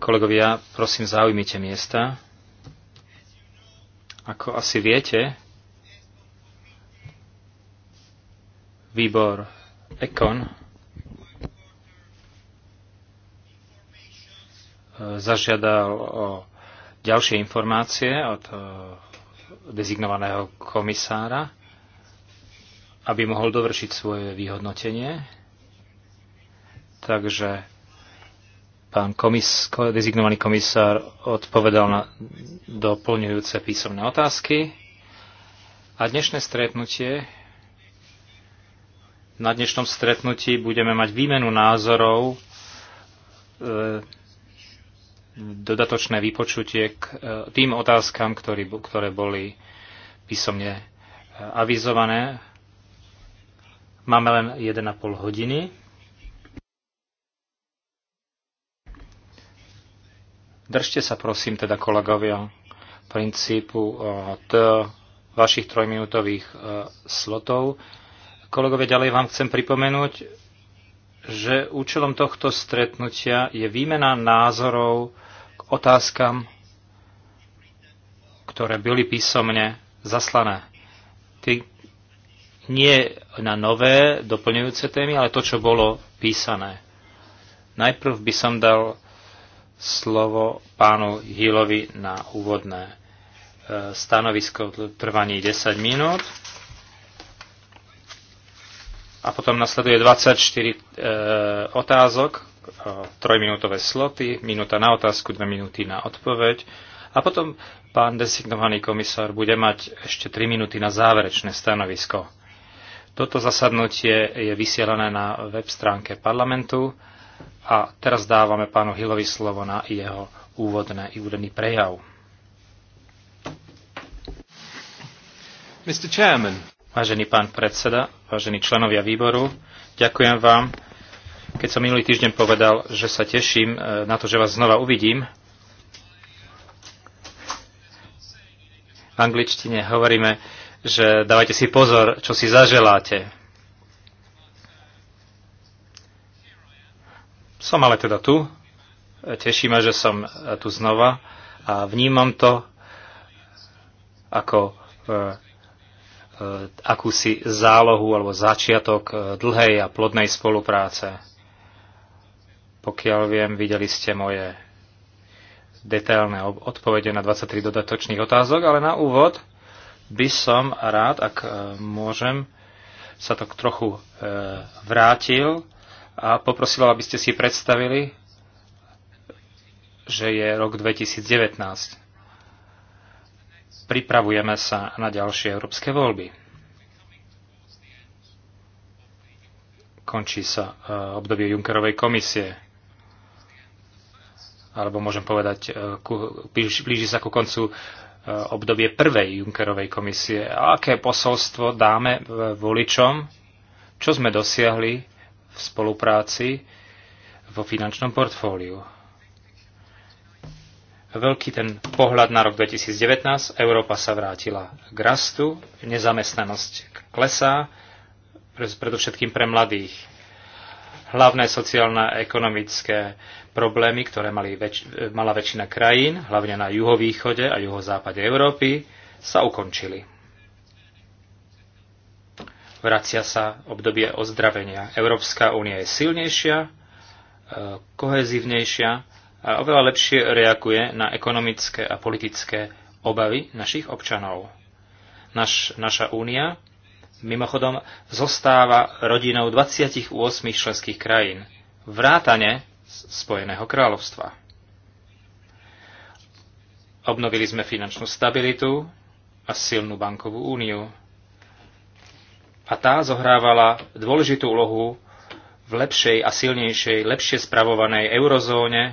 Kolegovia, prosím, zaujmite miesta. Ako asi viete, výbor Ekon eh, zažiadal o ďalšie informácie od eh, dezignovaného komisára, aby mohol dovršiť svoje vyhodnotenie. Takže pán komis, dezignovaný komisár odpovedal na doplňujúce písomné otázky. A dnešné stretnutie, na dnešnom stretnutí budeme mať výmenu názorov, e, dodatočné vypočutie k e, tým otázkam, ktorý, ktoré boli písomne e, avizované. Máme len 1,5 hodiny. Držte sa prosím teda kolegovia princípu od eh, vašich trojminútových eh, slotov. Kolegovia, ďalej vám chcem pripomenúť, že účelom tohto stretnutia je výmena názorov k otázkam, ktoré boli písomne zaslané. Ty nie na nové doplňujúce témy, ale to, čo bolo písané. Najprv by som dal slovo pánu Hillovi na úvodné e, stanovisko trvaní 10 minút. A potom nasleduje 24 e, otázok, trojminútové sloty, minúta na otázku, dve minúty na odpoveď. A potom pán designovaný komisár bude mať ešte 3 minúty na záverečné stanovisko. Toto zasadnutie je vysielané na web stránke parlamentu. A teraz dávame pánu Hillovi slovo na jeho úvodné, úvodný prejav. Mr. Chairman. Vážený pán predseda, vážení členovia výboru, ďakujem vám. Keď som minulý týždeň povedal, že sa teším e, na to, že vás znova uvidím, v angličtine hovoríme, že dávajte si pozor, čo si zaželáte. Som ale teda tu. Teší ma, že som e, tu znova a vnímam to ako e, e, akúsi zálohu alebo začiatok dlhej a plodnej spolupráce. Pokiaľ viem, videli ste moje detailné odpovede na 23 dodatočných otázok, ale na úvod by som rád, ak môžem, sa to trochu vrátil a poprosil, aby ste si predstavili, že je rok 2019. Pripravujeme sa na ďalšie európske voľby. Končí sa e, obdobie Junckerovej komisie. Alebo môžem povedať, e, blíži sa ku koncu e, obdobie prvej Junckerovej komisie. A aké posolstvo dáme voličom? Čo sme dosiahli v spolupráci vo finančnom portfóliu. Veľký ten pohľad na rok 2019, Európa sa vrátila k rastu, nezamestnanosť klesá, predovšetkým pre mladých. Hlavné sociálne a ekonomické problémy, ktoré mali väč- mala väčšina krajín, hlavne na juhovýchode a juhozápade Európy, sa ukončili vracia sa obdobie ozdravenia. Európska únia je silnejšia, e, kohezívnejšia a oveľa lepšie reaguje na ekonomické a politické obavy našich občanov. Naš, naša únia mimochodom zostáva rodinou 28 členských krajín, vrátane Spojeného kráľovstva. Obnovili sme finančnú stabilitu a silnú bankovú úniu a tá zohrávala dôležitú úlohu v lepšej a silnejšej, lepšie spravovanej eurozóne e,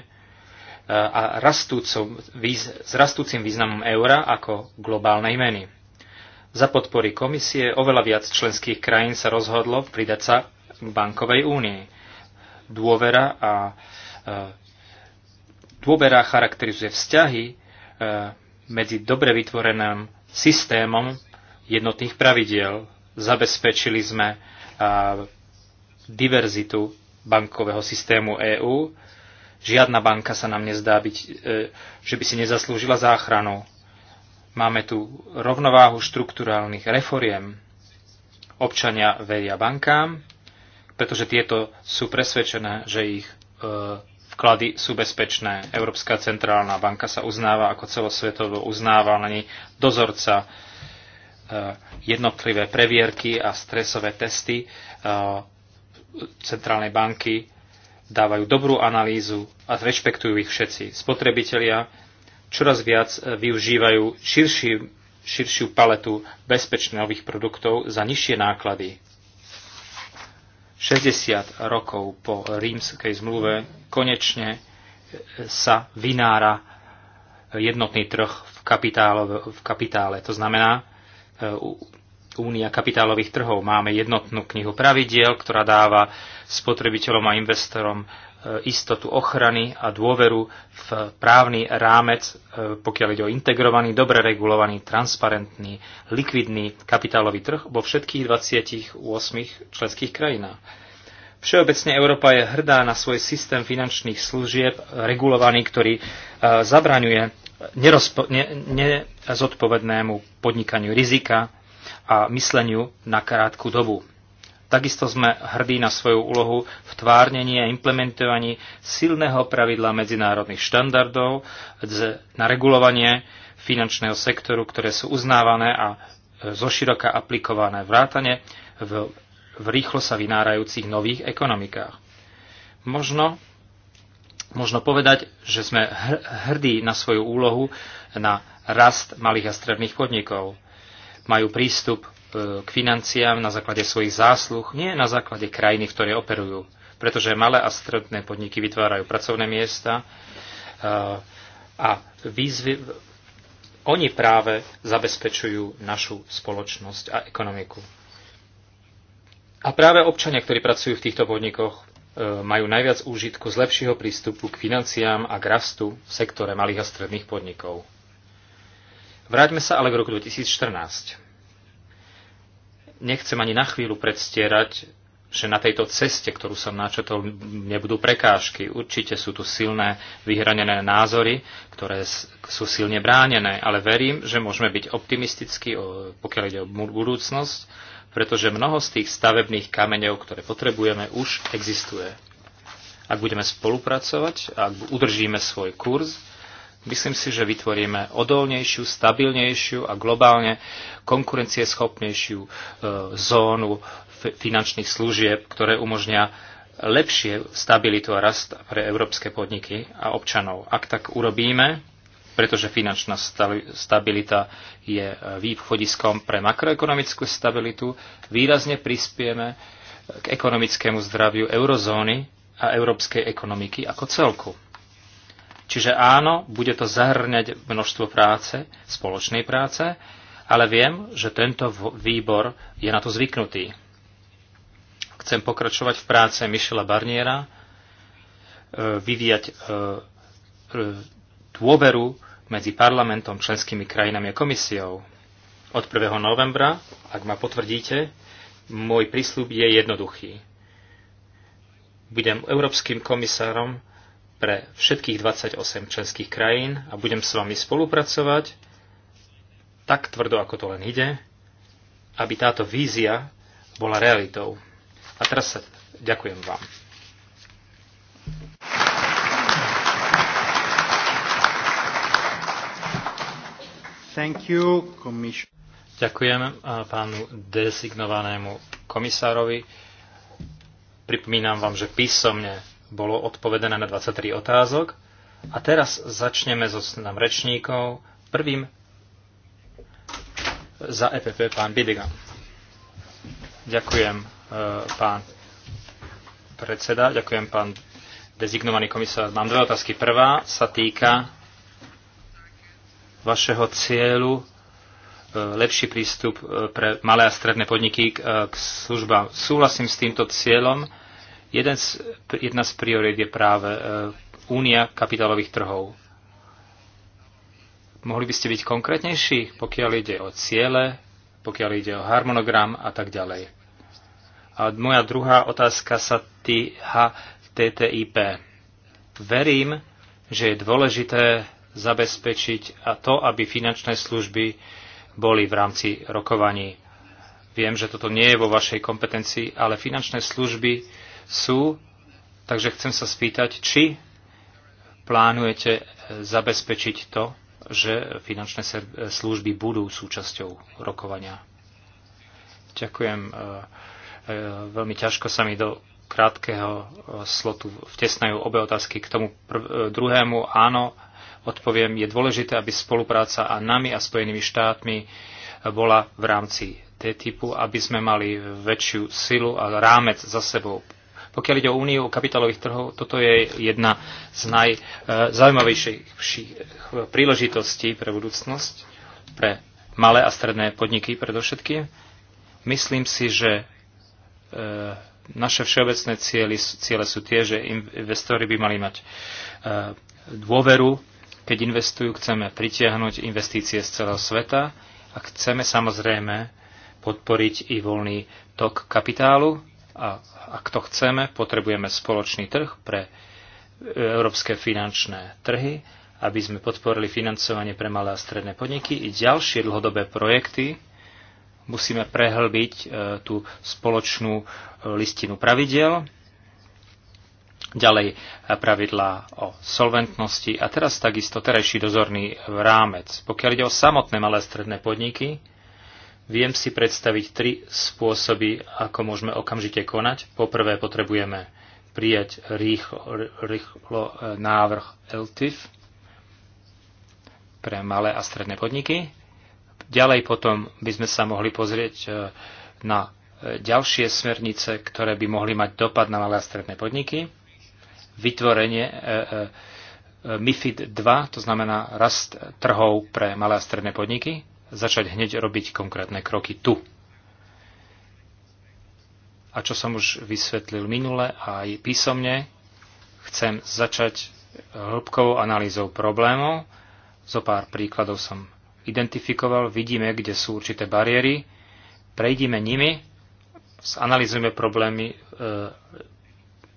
a rastúcom, s rastúcim významom eura ako globálnej meny. Za podpory komisie oveľa viac členských krajín sa rozhodlo pridať sa k bankovej únii. Dôvera a e, dôvera charakterizuje vzťahy e, medzi dobre vytvoreným systémom jednotných pravidiel, Zabezpečili sme diverzitu bankového systému EÚ. Žiadna banka sa nám nezdá byť, e, že by si nezaslúžila záchranu. Máme tu rovnováhu štruktúrálnych reforiem. Občania veria bankám, pretože tieto sú presvedčené, že ich e, vklady sú bezpečné. Európska centrálna banka sa uznáva ako celosvetovo uznávaný dozorca Eh, jednotlivé previerky a stresové testy eh, centrálnej banky dávajú dobrú analýzu a rešpektujú ich všetci. Spotrebitelia čoraz viac eh, využívajú širší, širšiu paletu bezpečných produktov za nižšie náklady. 60 rokov po rímskej zmluve konečne sa vynára jednotný trh v, v kapitále. To znamená, E, Únia kapitálových trhov. Máme jednotnú knihu pravidiel, ktorá dáva spotrebiteľom a investorom e, istotu ochrany a dôveru v právny rámec, e, pokiaľ ide o integrovaný, dobre regulovaný, transparentný, likvidný kapitálový trh vo všetkých 28 členských krajinách. Všeobecne Európa je hrdá na svoj systém finančných služieb regulovaný, ktorý zabraňuje nerozpo, ne, nezodpovednému podnikaniu rizika a mysleniu na krátku dobu. Takisto sme hrdí na svoju úlohu v tvárnení a implementovaní silného pravidla medzinárodných štandardov na regulovanie finančného sektoru, ktoré sú uznávané a e, zoširoka aplikované vrátane v, v rýchlo sa vynárajúcich nových ekonomikách. Možno Možno povedať, že sme hrdí na svoju úlohu na rast malých a stredných podnikov. Majú prístup e, k financiám na základe svojich zásluh, nie na základe krajiny, v ktorej operujú. Pretože malé a stredné podniky vytvárajú pracovné miesta e, a výzvy, oni práve zabezpečujú našu spoločnosť a ekonomiku. A práve občania, ktorí pracujú v týchto podnikoch, E, majú najviac úžitku z lepšieho prístupu k financiám a k rastu v sektore malých a stredných podnikov. Vráťme sa ale k roku 2014. Nechcem ani na chvíľu predstierať, že na tejto ceste, ktorú som načetol, nebudú prekážky. Určite sú tu silné vyhranené názory, ktoré sú silne bránené, ale verím, že môžeme byť optimistickí, pokiaľ ide o budúcnosť pretože mnoho z tých stavebných kameňov, ktoré potrebujeme, už existuje. Ak budeme spolupracovať, ak udržíme svoj kurz, myslím si, že vytvoríme odolnejšiu, stabilnejšiu a globálne konkurencieschopnejšiu e, zónu finančných služieb, ktoré umožnia lepšie stabilitu a rast pre európske podniky a občanov. Ak tak urobíme, pretože finančná stabilita je e, východiskom pre makroekonomickú stabilitu, výrazne prispieme e, k ekonomickému zdraviu eurozóny a európskej ekonomiky ako celku. Čiže áno, bude to zahrňať množstvo práce, spoločnej práce, ale viem, že tento výbor je na to zvyknutý. Chcem pokračovať v práce Michela Barniera, e, vyvíjať dôveru medzi parlamentom, členskými krajinami a komisiou. Od 1. novembra, ak ma potvrdíte, môj prísľub je jednoduchý. Budem európskym komisárom pre všetkých 28 členských krajín a budem s vami spolupracovať tak tvrdo, ako to len ide, aby táto vízia bola realitou. A teraz sa ďakujem vám. Thank you, Ďakujem pánu dezignovanému komisárovi. Pripomínam vám, že písomne bolo odpovedané na 23 otázok. A teraz začneme so snam rečníkov. Prvým za EPP pán Bidigan. Ďakujem e, pán predseda, ďakujem pán dezignovaný komisár. Mám dve otázky. Prvá sa týka vašeho cieľu e, lepší prístup e, pre malé a stredné podniky e, k službám. Súhlasím s týmto cieľom. Jeden z, jedna z priorít je práve únia kapitálových trhov. Mohli by ste byť konkrétnejší, pokiaľ ide o ciele, pokiaľ ide o harmonogram a tak ďalej. A moja druhá otázka sa týha TTIP. Verím, že je dôležité zabezpečiť a to, aby finančné služby boli v rámci rokovaní. Viem, že toto nie je vo vašej kompetencii, ale finančné služby sú, takže chcem sa spýtať, či plánujete zabezpečiť to, že finančné služby budú súčasťou rokovania. Ďakujem. E, e, veľmi ťažko sa mi do krátkeho slotu vtesnajú obe otázky. K tomu e, druhému áno, odpoviem, je dôležité, aby spolupráca a nami a Spojenými štátmi bola v rámci TTIPu, aby sme mali väčšiu silu a rámec za sebou. Pokiaľ ide o úniu kapitálových trhov, toto je jedna z najzaujímavejších príležitostí pre budúcnosť, pre malé a stredné podniky predovšetkým. Myslím si, že e, naše všeobecné ciele, ciele sú tie, že investori by mali mať e, dôveru keď investujú, chceme pritiahnuť investície z celého sveta a chceme samozrejme podporiť i voľný tok kapitálu a ak to chceme, potrebujeme spoločný trh pre e, európske finančné trhy, aby sme podporili financovanie pre malé a stredné podniky i ďalšie dlhodobé projekty, musíme prehlbiť e, tú spoločnú e, listinu pravidel, ďalej eh, pravidlá o solventnosti a teraz takisto terajší dozorný rámec. Pokiaľ ide o samotné malé a stredné podniky, viem si predstaviť tri spôsoby, ako môžeme okamžite konať. Poprvé potrebujeme prijať rýchlo, rýchlo eh, návrh LTIF pre malé a stredné podniky. Ďalej potom by sme sa mohli pozrieť eh, na ďalšie smernice, ktoré by mohli mať dopad na malé a stredné podniky vytvorenie e, e, e, MIFID 2, to znamená rast trhov pre malé a stredné podniky, začať hneď robiť konkrétne kroky tu. A čo som už vysvetlil minule a aj písomne, chcem začať hĺbkovou analýzou problémov. Zo pár príkladov som identifikoval, vidíme, kde sú určité bariéry, prejdime nimi, zanalýzujeme problémy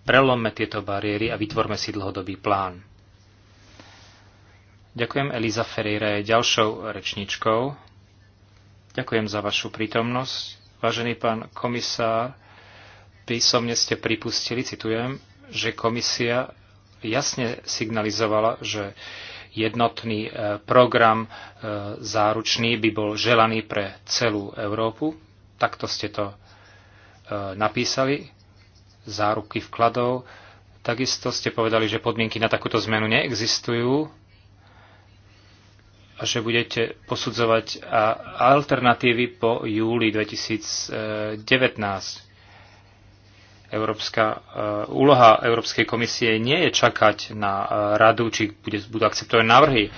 Prelomme tieto bariéry a vytvorme si dlhodobý plán. Ďakujem Eliza Ferreira je ďalšou rečničkou. Ďakujem za vašu prítomnosť. Vážený pán komisár, písomne ste pripustili, citujem, že komisia jasne signalizovala, že jednotný e, program e, záručný by bol želaný pre celú Európu. Takto ste to e, napísali záruky vkladov. Takisto ste povedali, že podmienky na takúto zmenu neexistujú a že budete posudzovať alternatívy po júli 2019. Európska, eh, úloha Európskej komisie nie je čakať na eh, radu, či bude, budú akceptovať návrhy.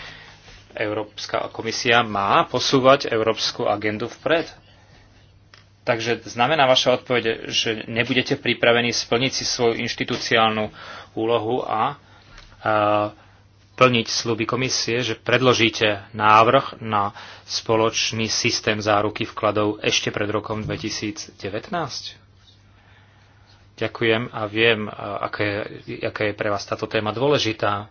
Európska komisia má posúvať európsku agendu vpred Takže znamená vaša odpoveď, že nebudete pripravení splniť si svoju inštitúciálnu úlohu a, a e, plniť sluby komisie, že predložíte návrh na spoločný systém záruky vkladov ešte pred rokom 2019? Ďakujem a viem, e, aká je, aká je pre vás táto téma dôležitá.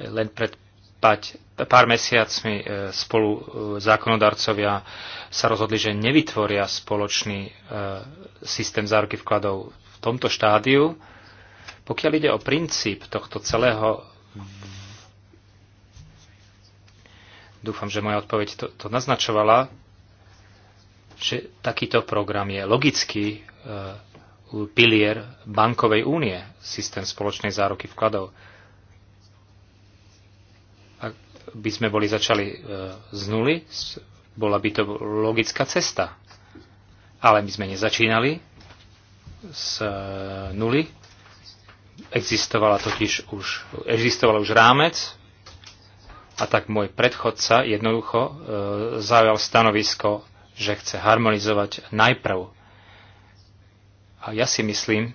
Len pred pať, pár mesiacmi e, spolu e, zákonodarcovia sa rozhodli, že nevytvoria spoločný e, systém záruky vkladov v tomto štádiu. Pokiaľ ide o princíp tohto celého, dúfam, že moja odpoveď to, to naznačovala, že takýto program je logický pilier bankovej únie, systém spoločnej záruky vkladov by sme boli začali e, z nuly, bola by to logická cesta. Ale my sme nezačínali z e, nuly. Existovala totiž už, existoval už rámec a tak môj predchodca jednoducho e, zaujal stanovisko, že chce harmonizovať najprv. A ja si myslím,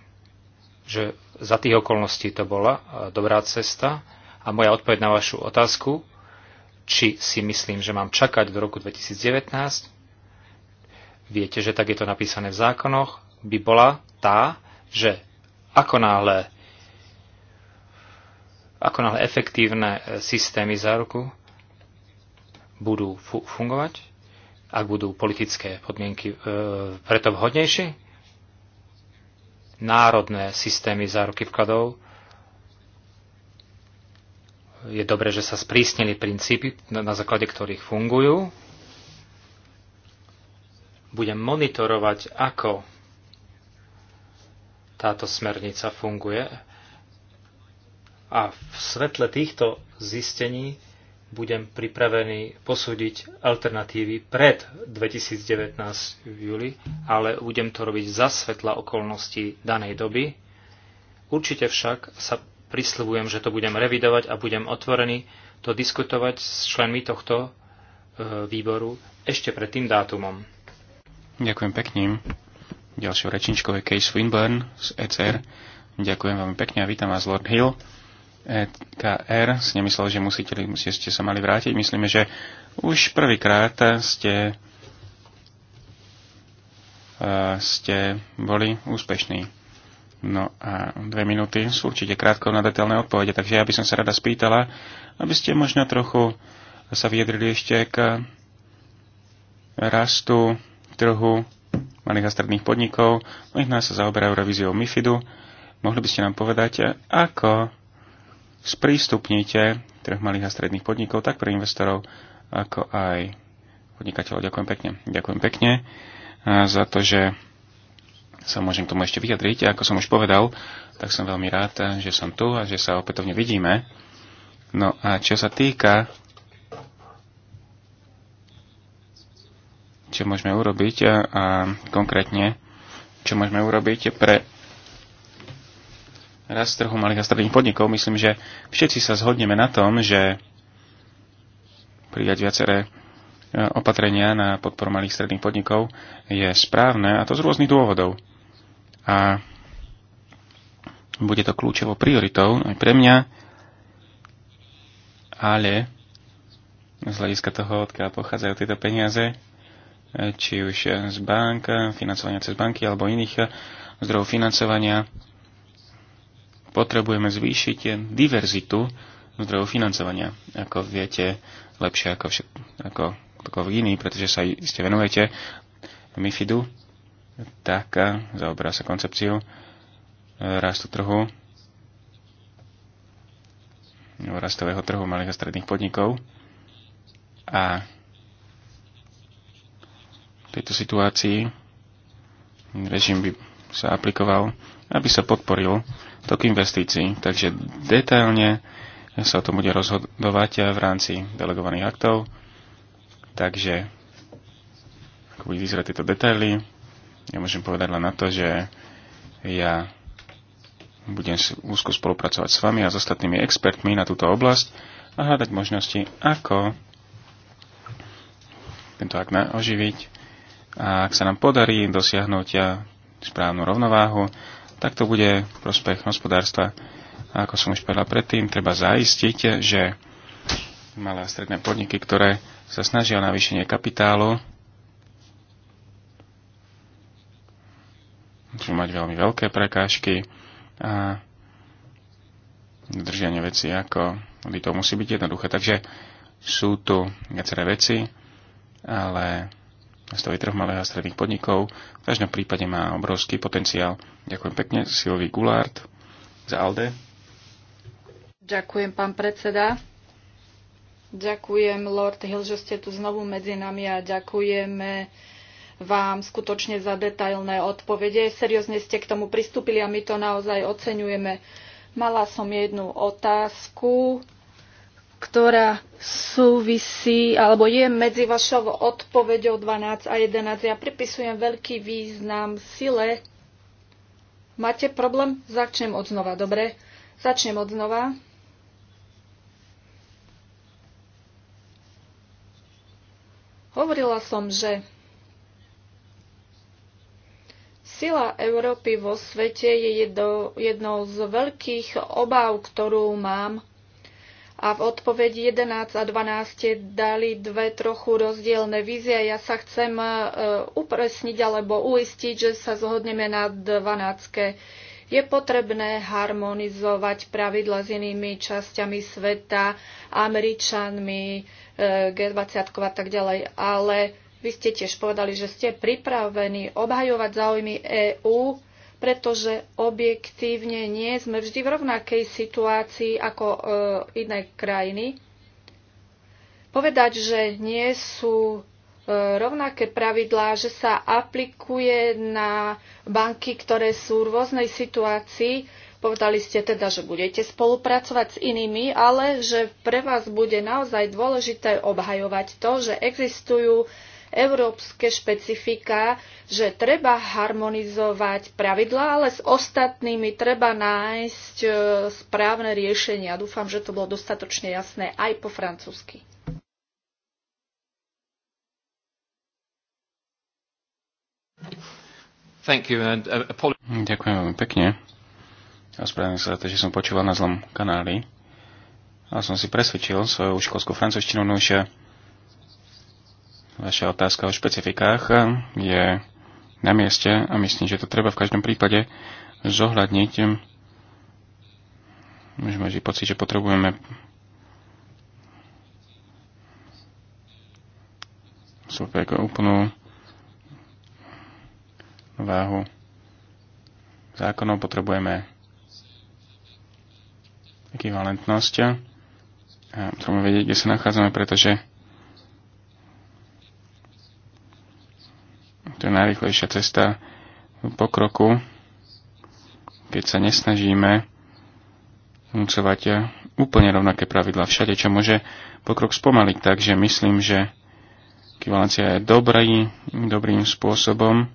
že za tých okolností to bola e, dobrá cesta. A moja odpoveď na vašu otázku či si myslím, že mám čakať do roku 2019, viete, že tak je to napísané v zákonoch, by bola tá, že ako náhle, ako náhle efektívne e, systémy záruku budú fu- fungovať, ak budú politické podmienky e, preto vhodnejšie, národné systémy záruky vkladov je dobré, že sa sprísnili princípy, na základe ktorých fungujú. Budem monitorovať, ako táto smernica funguje. A v svetle týchto zistení budem pripravený posúdiť alternatívy pred 2019 v júli, ale budem to robiť za svetla okolností danej doby. Určite však sa Prisľubujem, že to budem revidovať a budem otvorený to diskutovať s členmi tohto e, výboru ešte pred tým dátumom. Ďakujem pekne. Ďalšou rečničkou je Case Swinburne z ECR. Ďakujem veľmi pekne a vítam vás, Lord Hill. EKR si nemyslel, že musíte, musíte ste sa mali vrátiť. Myslíme, že už prvýkrát ste, e, ste boli úspešní. No a dve minúty sú určite krátko na detailné odpovede, takže ja by som sa rada spýtala, aby ste možno trochu sa vyjadrili ešte k rastu trhu malých a stredných podnikov. Mnohých nás sa zaoberajú revíziou MIFIDu. Mohli by ste nám povedať, ako sprístupnite trh malých a stredných podnikov tak pre investorov, ako aj podnikateľov. Ďakujem pekne. Ďakujem pekne za to, že sa môžem k tomu ešte vyjadriť. A ako som už povedal, tak som veľmi rád, že som tu a že sa opätovne vidíme. No a čo sa týka, čo môžeme urobiť a, a konkrétne, čo môžeme urobiť pre rast trhu malých a stredných podnikov, myslím, že všetci sa zhodneme na tom, že prijať viaceré E, opatrenia na podporu malých stredných podnikov je správne, a to z rôznych dôvodov. A bude to kľúčovou prioritou aj pre mňa, ale z hľadiska toho, odkiaľ pochádzajú tieto peniaze, e, či už z bank, financovania cez banky alebo iných e, zdrojov financovania, potrebujeme zvýšiť diverzitu zdrojov financovania. Ako viete, lepšie ako, všet, ako ktokoľvek iný, pretože sa iste venujete MIFIDu, tak eh, zaoberá sa koncepciou eh, rastu trhu, rastového trhu malých a stredných podnikov. A v tejto situácii režim by sa aplikoval, aby sa podporil tok investícií. Takže detailne sa o tom bude rozhodovať v rámci delegovaných aktov Takže, ako budú vyzerať tieto detaily, ja môžem povedať len na to, že ja budem úzko spolupracovať s vami a s ostatnými expertmi na túto oblasť a hľadať možnosti, ako tento akt oživiť. A ak sa nám podarí dosiahnuť ja správnu rovnováhu, tak to bude prospech hospodárstva. A ako som už povedal predtým, treba zaistiť, že malé a stredné podniky, ktoré sa snažia o navýšenie kapitálu, môžu mať veľmi veľké prekážky a držanie veci ako to musí byť jednoduché. Takže sú tu viaceré veci, ale nastaví trh malého a stredných podnikov. V každom prípade má obrovský potenciál. Ďakujem pekne. Silvi Gulard za ALDE. Ďakujem, pán predseda. Ďakujem, Lord Hill, že ste tu znovu medzi nami a ďakujeme vám skutočne za detailné odpovede. Seriózne ste k tomu pristúpili a my to naozaj oceňujeme. Mala som jednu otázku, ktorá súvisí, alebo je medzi vašou odpoveďou 12 a 11. Ja pripisujem veľký význam sile. Máte problém? Začnem od znova, dobre? Začnem od znova. Hovorila som, že sila Európy vo svete je jednou z veľkých obáv, ktorú mám. A v odpovedi 11 a 12 dali dve trochu rozdielne vízie. Ja sa chcem e, upresniť alebo uistiť, že sa zhodneme na 12 je potrebné harmonizovať pravidla s inými časťami sveta, Američanmi, G20 a tak ďalej, ale vy ste tiež povedali, že ste pripravení obhajovať záujmy EÚ, pretože objektívne nie sme vždy v rovnakej situácii ako e, iné krajiny. Povedať, že nie sú e, rovnaké pravidlá, že sa aplikuje na banky, ktoré sú v rôznej situácii, Povedali ste teda, že budete spolupracovať s inými, ale že pre vás bude naozaj dôležité obhajovať to, že existujú európske špecifika, že treba harmonizovať pravidlá, ale s ostatnými treba nájsť e, správne riešenia. Dúfam, že to bolo dostatočne jasné aj po francúzsky. Uh, Ďakujem veľmi pekne. Ospravedlňujem sa za to, že som počúval na zlom kanáli. A som si presvedčil svoju školskú francúzštinu, no vaša otázka o špecifikách je na mieste a myslím, že to treba v každom prípade zohľadniť. Môžeme mať pocit, že potrebujeme super úplnú váhu zákonov, potrebujeme ekvivalentnosť. A chceme vedieť, kde sa nachádzame, pretože to je najrychlejšia cesta pokroku, keď sa nesnažíme vnúcovať úplne rovnaké pravidla všade, čo môže pokrok spomaliť. Takže myslím, že ekvivalencia je dobrý, dobrým spôsobom.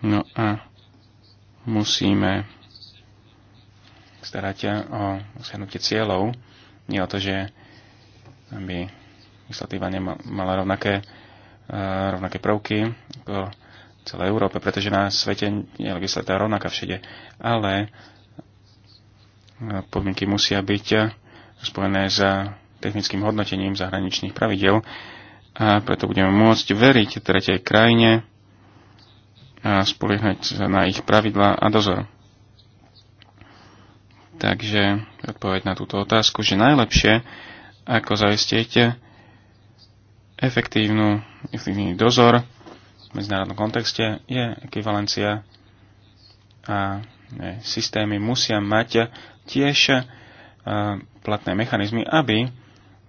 No a musíme Staráte o dosiahnutie cieľov. Nie o to, že by legislatíva nemala rovnaké, eh, rovnaké prvky ako v celej Európe, pretože na svete je legislatíva rovnaká všade. Ale eh, podmienky musia byť eh, spojené s technickým hodnotením zahraničných pravidel a preto budeme môcť veriť tretej krajine a spoliehať na ich pravidlá a dozor. Takže odpoveď na túto otázku, že najlepšie, ako zaistíte efektívnu, efektívny dozor v medzinárodnom kontexte, je ekvivalencia a ne, systémy musia mať tiež platné mechanizmy, aby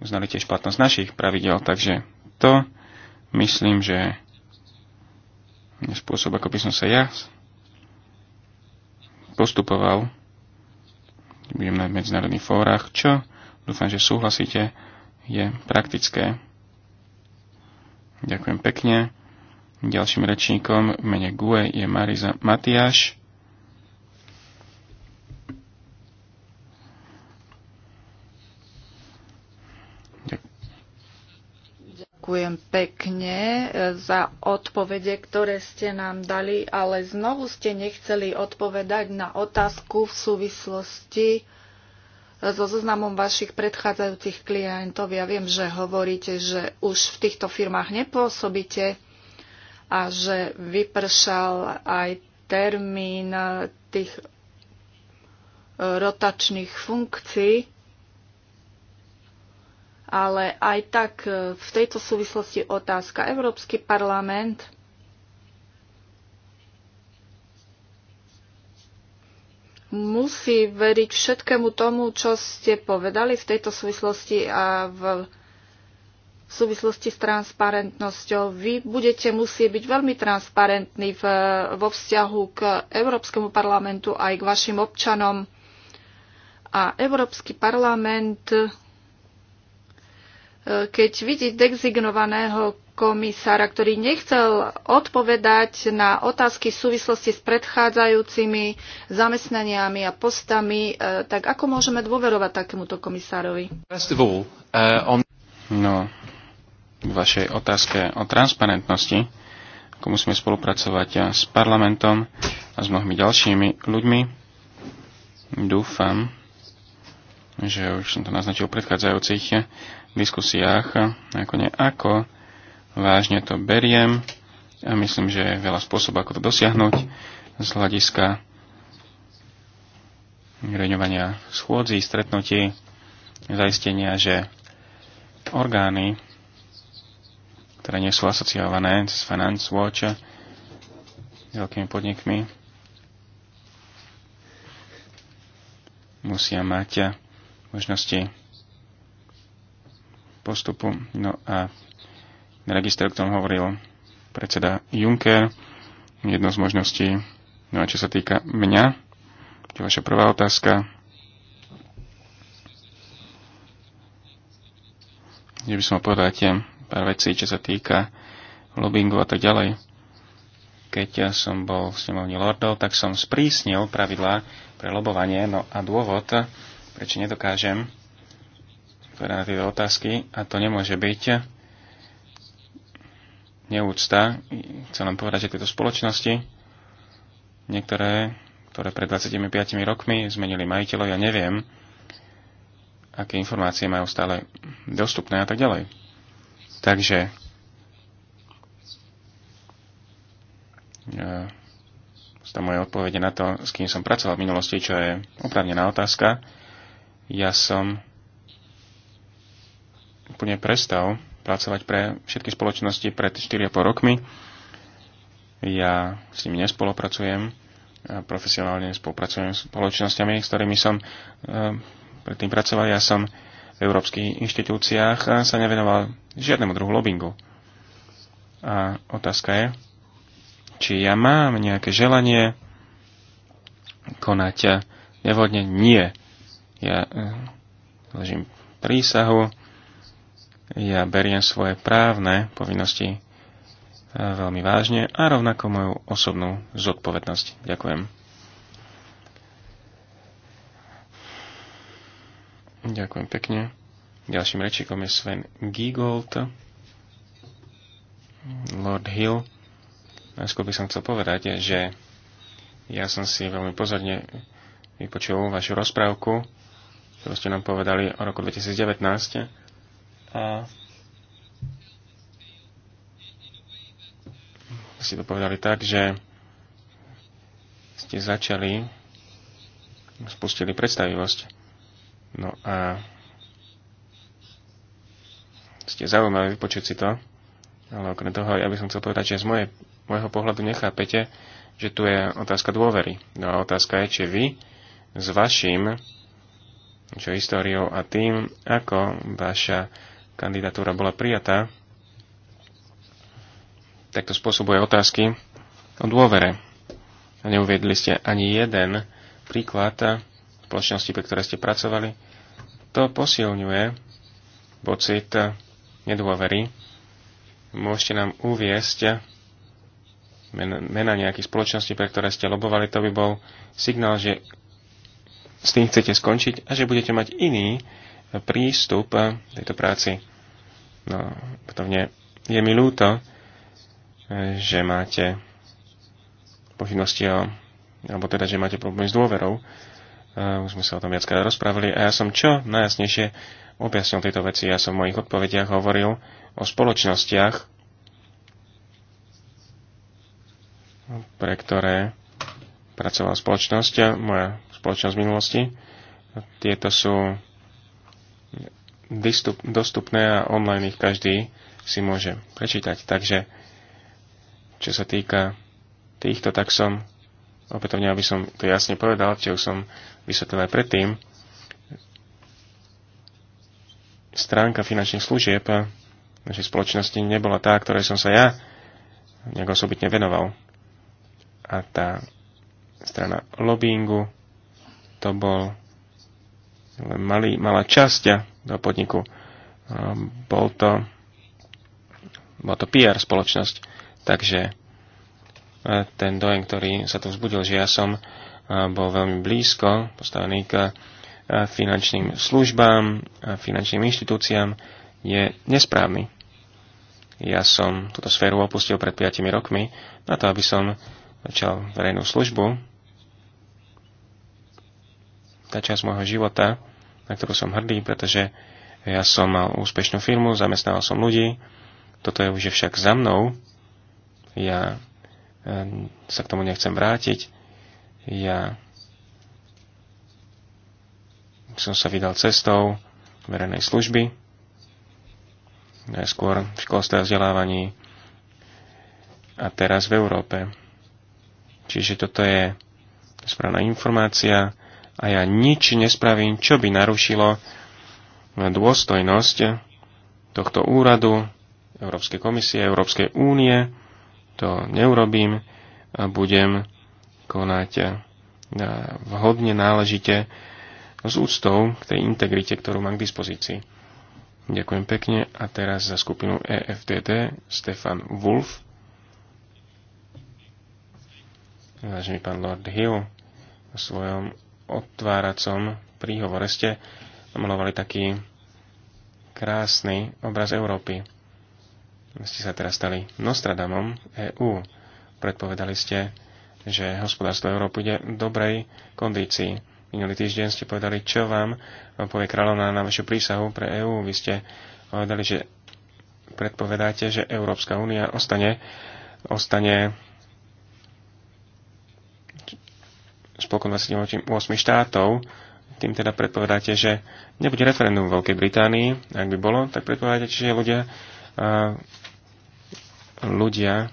uznali tiež platnosť našich pravidel. Takže to myslím, že je spôsob, ako by som sa ja postupoval budem na medzinárodných fórach, čo dúfam, že súhlasíte, je praktické. Ďakujem pekne. Ďalším rečníkom v mene GUE je Mariza Matiáš. za odpovede, ktoré ste nám dali, ale znovu ste nechceli odpovedať na otázku v súvislosti so zoznamom vašich predchádzajúcich klientov. Ja viem, že hovoríte, že už v týchto firmách nepôsobíte a že vypršal aj termín tých rotačných funkcií ale aj tak e, v tejto súvislosti otázka. Európsky parlament musí veriť všetkému tomu, čo ste povedali v tejto súvislosti a v v súvislosti s transparentnosťou. Vy budete musieť byť veľmi transparentní v, vo vzťahu k Európskemu parlamentu aj k vašim občanom. A Európsky parlament keď vidí dezignovaného komisára, ktorý nechcel odpovedať na otázky v súvislosti s predchádzajúcimi zamestnaniami a postami, e, tak ako môžeme dôverovať takémuto komisárovi? Uh, no, k vašej otázke o transparentnosti, ako musíme spolupracovať s parlamentom a s mnohými ďalšími ľuďmi, dúfam, že už som to naznačil v predchádzajúcich diskusiách, ne, ako vážne to beriem a myslím, že je veľa spôsobov, ako to dosiahnuť z hľadiska reňovania schôdzí, stretnutí, zaistenia, že orgány, ktoré nie sú asociované s Finance Watch s veľkými podnikmi, musia mať možnosti postupu. No a register, o ktorom hovoril predseda Juncker, jedno z možností. No a čo sa týka mňa, to je vaša prvá otázka. Kde by som povedal pár veci, čo sa týka lobbyingu a tak ďalej keď ja som bol v snemovni lordov, tak som sprísnil pravidlá pre lobovanie. No a dôvod, prečo nedokážem ktoré na tieto otázky a to nemôže byť neúcta. Chcem len povedať, že tieto spoločnosti, niektoré, ktoré pred 25 rokmi zmenili majiteľov, ja neviem, aké informácie majú stále dostupné a tak ďalej. Takže tá moje odpovede na to, s kým som pracoval v minulosti, čo je opravnená otázka. Ja som úplne prestal pracovať pre všetky spoločnosti pred 4,5 rokmi. Ja s nimi nespolupracujem, profesionálne spolupracujem s spoločnosťami, s ktorými som e, predtým pracoval. Ja som v európskych inštitúciách a sa nevenoval žiadnemu druhu lobbingu. A otázka je, či ja mám nejaké želanie konať nevhodne. Nie. Ja e, ležím prísahu, ja beriem svoje právne povinnosti eh, veľmi vážne a rovnako moju osobnú zodpovednosť. Ďakujem. Ďakujem pekne. Ďalším rečikom je Sven Giegold, Lord Hill. Najskôr by som chcel povedať, že ja som si veľmi pozorne vypočul vašu rozprávku, ktorú ste nám povedali o roku 2019 a si to povedali tak, že ste začali, spustili predstavivosť. No a ste zaujímavé vypočuť si to, ale okrem toho, ja by som chcel povedať, že z moje, môjho pohľadu nechápete, že tu je otázka dôvery. No a otázka je, či vy s vašim čo históriou a tým, ako vaša kandidatúra bola prijatá, tak to spôsobuje otázky o dôvere. A neuviedli ste ani jeden príklad spoločnosti, pre ktoré ste pracovali. To posilňuje pocit nedôvery. Môžete nám uviesť mena nejakých spoločností, pre ktoré ste lobovali, to by bol signál, že s tým chcete skončiť a že budete mať iný prístup k tejto práci. No, mne je mi ľúto, e, že máte pochybnosti o, alebo teda, že máte problémy s dôverou. E, už sme sa o tom viackrát rozprávali a ja som čo najjasnejšie objasnil tieto veci. Ja som v mojich odpovediach hovoril o spoločnostiach, pre ktoré pracovala spoločnosť, moja spoločnosť v minulosti. Tieto sú dostup, dostupné a online ich každý si môže prečítať. Takže, čo sa týka týchto, tak som, opätovne, aby som to jasne povedal, čo som vysvetlil aj predtým, stránka finančných služieb našej spoločnosti nebola tá, ktorej som sa ja nejak osobitne venoval. A tá strana lobbyingu, to bol len malý, malá časť do podniku. Bol to, bol to PR spoločnosť, takže e, ten dojem, ktorý sa tu vzbudil, že ja som e, bol veľmi blízko postavený k e, finančným službám a finančným inštitúciám, je nesprávny. Ja som túto sféru opustil pred 5 rokmi na to, aby som začal verejnú službu, tá časť môjho života, na ktorú som hrdý, pretože ja som mal úspešnú firmu, zamestnával som ľudí, toto je už však za mnou, ja eh, sa k tomu nechcem vrátiť, ja som sa vydal cestou verejnej služby, najskôr v školstve a vzdelávaní a teraz v Európe. Čiže toto je správna informácia, a ja nič nespravím, čo by narušilo dôstojnosť tohto úradu, Európskej komisie, Európskej únie. To neurobím a budem konať eh, vhodne náležite s úctou k tej integrite, ktorú mám k dispozícii. Ďakujem pekne a teraz za skupinu EFDD Stefan Wolf. Vážený pán Lord Hill, v svojom otváracom príhovore ste namalovali taký krásny obraz Európy. Ste sa teraz stali Nostradamom EÚ. Predpovedali ste, že hospodárstvo Európy ide v dobrej kondícii. Minulý týždeň ste povedali, čo vám povie kráľovná na vašu prísahu pre EÚ. Vy ste povedali, že predpovedáte, že Európska únia ostane, ostane spolkom 28 štátov, tým teda predpovedáte, že nebude referendum v Veľkej Británii, ak by bolo, tak predpovedáte, že ľudia, a, ľudia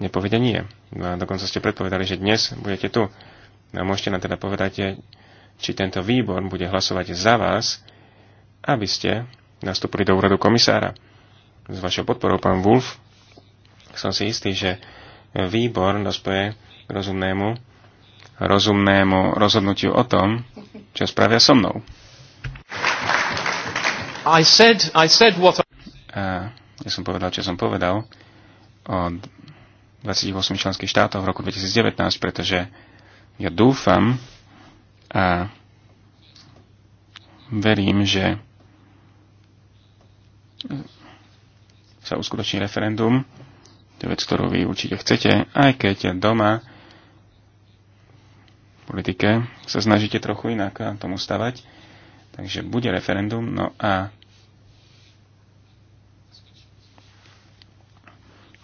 nepovedia nie. No a dokonca ste predpovedali, že dnes budete tu. A môžete nám teda povedať, či tento výbor bude hlasovať za vás, aby ste nastúpili do úradu komisára. S vašou podporou, pán Wolf, som si istý, že výbor dospeje rozumnému, rozumnému rozhodnutiu o tom, čo spravia so mnou. I said, I said what I... A ja som povedal, čo som povedal o 28 členských štátov v roku 2019, pretože ja dúfam a verím, že sa uskutoční referendum, to vec, ktorú vy určite chcete, aj keď doma politike sa snažíte trochu inak tomu stavať. Takže bude referendum, no a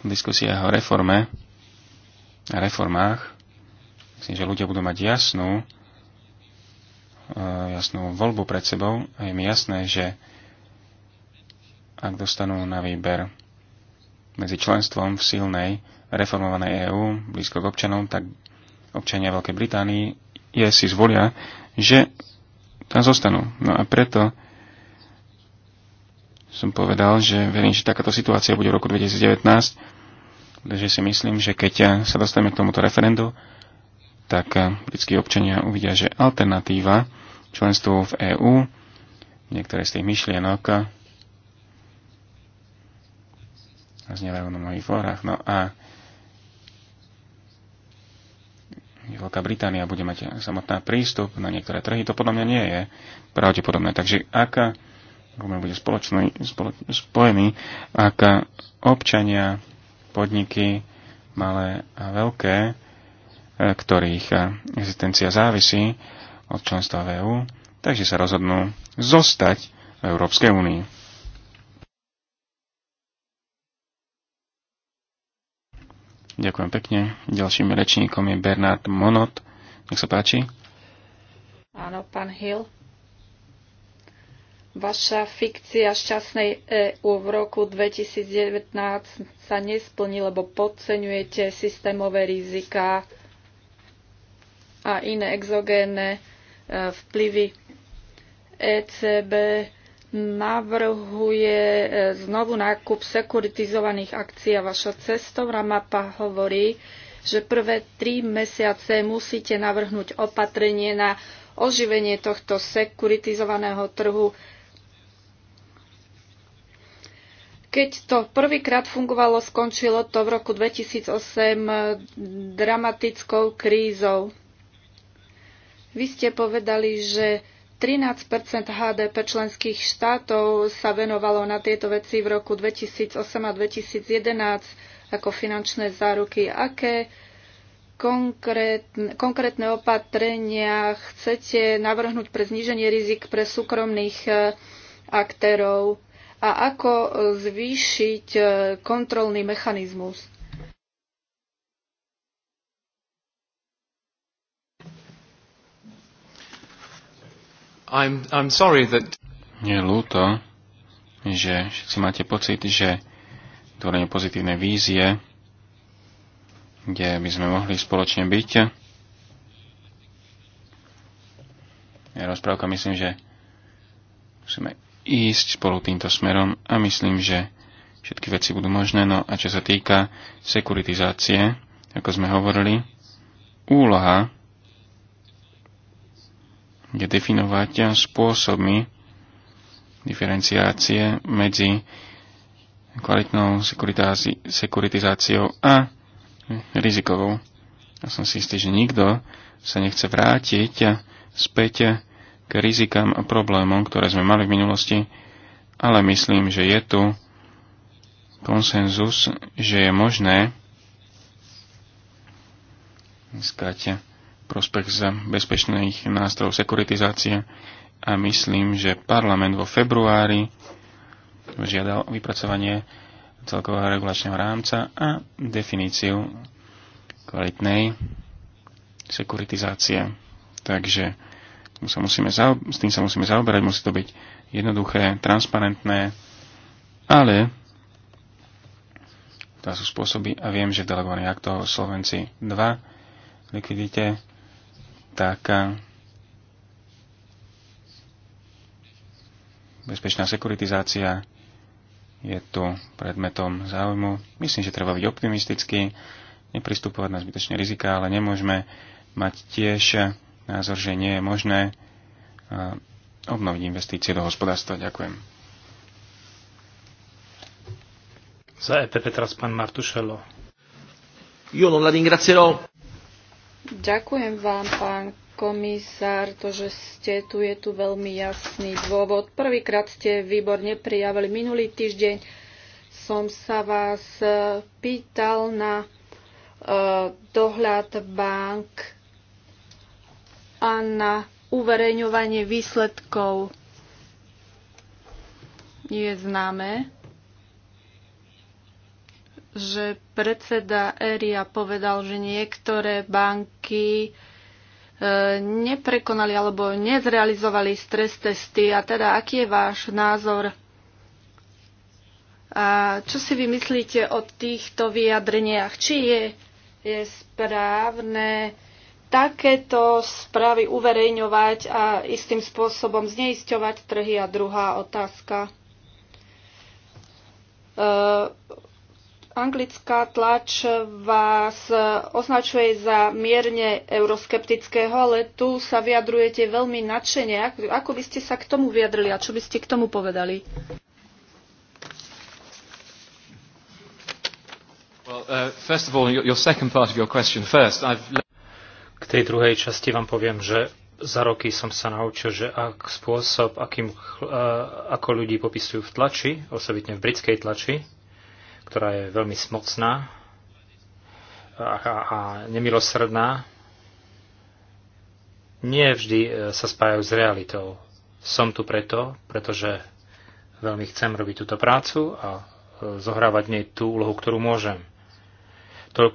diskusia o reforme a reformách. Myslím, že ľudia budú mať jasnú, eh, jasnú voľbu pred sebou a je mi jasné, že ak dostanú na výber medzi členstvom v silnej reformovanej EÚ blízko k občanom, tak občania Veľkej Británii je, si zvolia, že tam zostanú. No a preto som povedal, že verím, že takáto situácia bude v roku 2019, pretože si myslím, že keď sa dostaneme k tomuto referendu, tak eh, britskí občania uvidia, že alternatíva členstvu v EÚ, niektoré z tých myšlienok eh, znievajú na mojich fórach, no a Veľká Británia bude mať samotná prístup na niektoré trhy, to podľa mňa nie je pravdepodobné. Takže ak bude spoločný, spolo, spojený, ak občania, podniky, malé a veľké, eh, ktorých existencia závisí od členstva v EÚ, takže sa rozhodnú zostať v Európskej únii. Ďakujem pekne. Ďalším rečníkom je Bernard Monot. Nech sa páči. Áno, pán Hill. Vaša fikcia šťastnej EU v roku 2019 sa nesplní, lebo podceňujete systémové rizika a iné exogénne e, vplyvy. ECB navrhuje e, znovu nákup sekuritizovaných akcií a vaša cestovná mapa hovorí, že prvé tri mesiace musíte navrhnúť opatrenie na oživenie tohto sekuritizovaného trhu. Keď to prvýkrát fungovalo, skončilo to v roku 2008 dramatickou krízou. Vy ste povedali, že 13 HDP členských štátov sa venovalo na tieto veci v roku 2008 a 2011 ako finančné záruky. Aké konkrétne, konkrétne opatrenia chcete navrhnúť pre zníženie rizik pre súkromných e, aktérov a ako e, zvýšiť e, kontrolný mechanizmus? I'm, I'm sorry that... Je ľúto, že všetci máte pocit, že tvorenie pozitívnej vízie, kde by sme mohli spoločne byť. Ja rozprávka myslím, že musíme ísť spolu týmto smerom a myslím, že všetky veci budú možné. No a čo sa týka sekuritizácie, ako sme hovorili, úloha kde definovať spôsoby diferenciácie medzi kvalitnou sekuritizáciou a rizikovou. Ja som si istý, že nikto sa nechce vrátiť späť k rizikám a problémom, ktoré sme mali v minulosti, ale myslím, že je tu konsenzus, že je možné získať prospech z bezpečných nástrojov sekuritizácie a myslím, že parlament vo februári žiadal vypracovanie celkového regulačného rámca a definíciu kvalitnej sekuritizácie. Takže sa musíme s tým sa musíme zaoberať, musí to byť jednoduché, transparentné, ale to sú spôsoby a viem, že v delegovaných aktoch Slovenci 2 likvidite vtáka. bezpečná sekuritizácia je tu predmetom záujmu. Myslím, že treba byť optimisticky, nepristupovať na zbytočné rizika, ale nemôžeme mať tiež názor, že nie je možné obnoviť investície do hospodárstva. Ďakujem. Za EPP teraz pán Martušelo. Io non la ringrazierò. Ďakujem vám, pán komisár, to, že ste tu, je tu veľmi jasný dôvod. Prvýkrát ste výborne prijavili minulý týždeň. Som sa vás e, pýtal na e, dohľad bank a na uverejňovanie výsledkov. nie Je známe, že predseda ERIA povedal, že niektoré banky e, neprekonali alebo nezrealizovali stres testy. A teda, aký je váš názor? A čo si vy myslíte o týchto vyjadreniach? Či je, je správne takéto správy uverejňovať a istým spôsobom zneisťovať trhy? A druhá otázka. E, Anglická tlač vás označuje za mierne euroskeptického, ale tu sa vyjadrujete veľmi nadšene. Ako by ste sa k tomu vyjadrili a čo by ste k tomu povedali? Uh, k tej druhej časti vám poviem, že za roky som sa naučil, že ak spôsob, akým, uh, ako ľudí popisujú v tlači, osobitne v britskej tlači, ktorá je veľmi smocná a, a, a nemilosrdná, nie vždy e, sa spájajú s realitou. Som tu preto, pretože veľmi chcem robiť túto prácu a e, zohrávať v nej tú úlohu, ktorú môžem. To,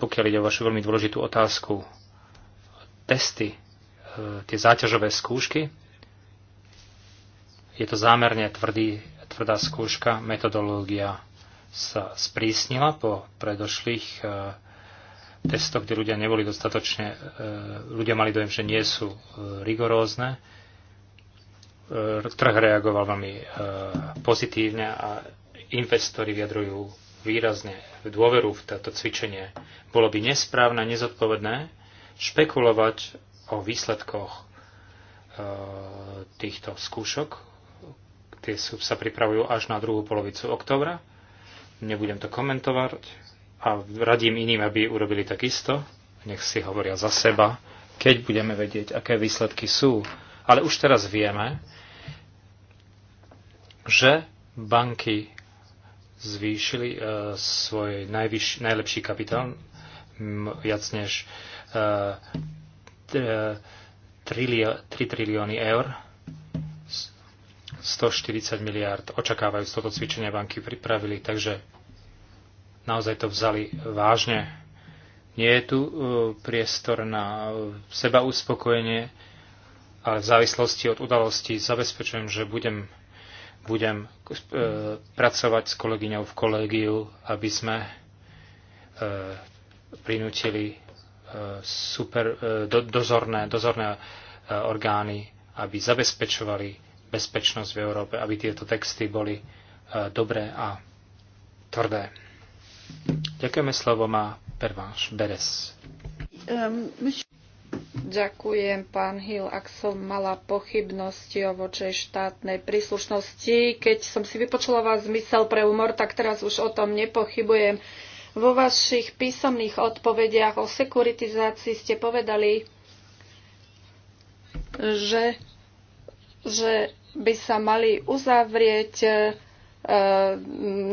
pokiaľ ide o vašu veľmi dôležitú otázku, testy, e, tie záťažové skúšky, je to zámerne tvrdý, tvrdá skúška, metodológia sa sprísnila po predošlých e, testoch, kde ľudia neboli dostatočne, e, ľudia mali dojem, že nie sú e, rigorózne. Trh reagoval veľmi pozitívne a investori vyjadrujú výrazne dôveru v toto cvičenie. Bolo by nesprávne, nezodpovedné špekulovať o výsledkoch týchto skúšok. Tie sú, sa pripravujú až na druhú polovicu oktobra Nebudem to komentovať a radím iným, aby urobili takisto. Nech si hovoria za seba, keď budeme vedieť, aké výsledky sú. Ale už teraz vieme, že banky zvýšili e, svoj najvyš, najlepší kapitál viac než e, 3 e, trilióny eur 140 miliárd očakávajú z toto cvičenia banky pripravili, takže naozaj to vzali vážne. Nie je tu e, priestor na e, seba uspokojenie, ale v závislosti od udalostí zabezpečujem, že budem, budem e, pracovať s kolegyňou v kolegiu, aby sme prinútili super, dozorné, dozorné orgány, aby zabezpečovali bezpečnosť v Európe, aby tieto texty boli e, dobré a tvrdé. Ďakujeme slovo má Perváš Beres. Um, Ďakujem, pán Hill. Ak som mala pochybnosti o vočej štátnej príslušnosti, keď som si vypočula vás zmysel pre humor, tak teraz už o tom nepochybujem. Vo vašich písomných odpovediach o sekuritizácii ste povedali, že, že by sa mali uzavrieť, e,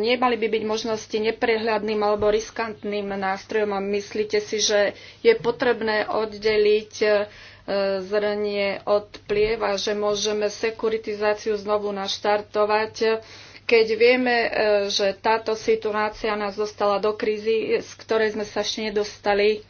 nemali by byť možnosti neprehľadným alebo riskantným nástrojom a myslíte si, že je potrebné oddeliť e, zrnie od plieva, že môžeme sekuritizáciu znovu naštartovať, keď vieme, e, že táto situácia nás dostala do krízy, z ktorej sme sa ešte nedostali.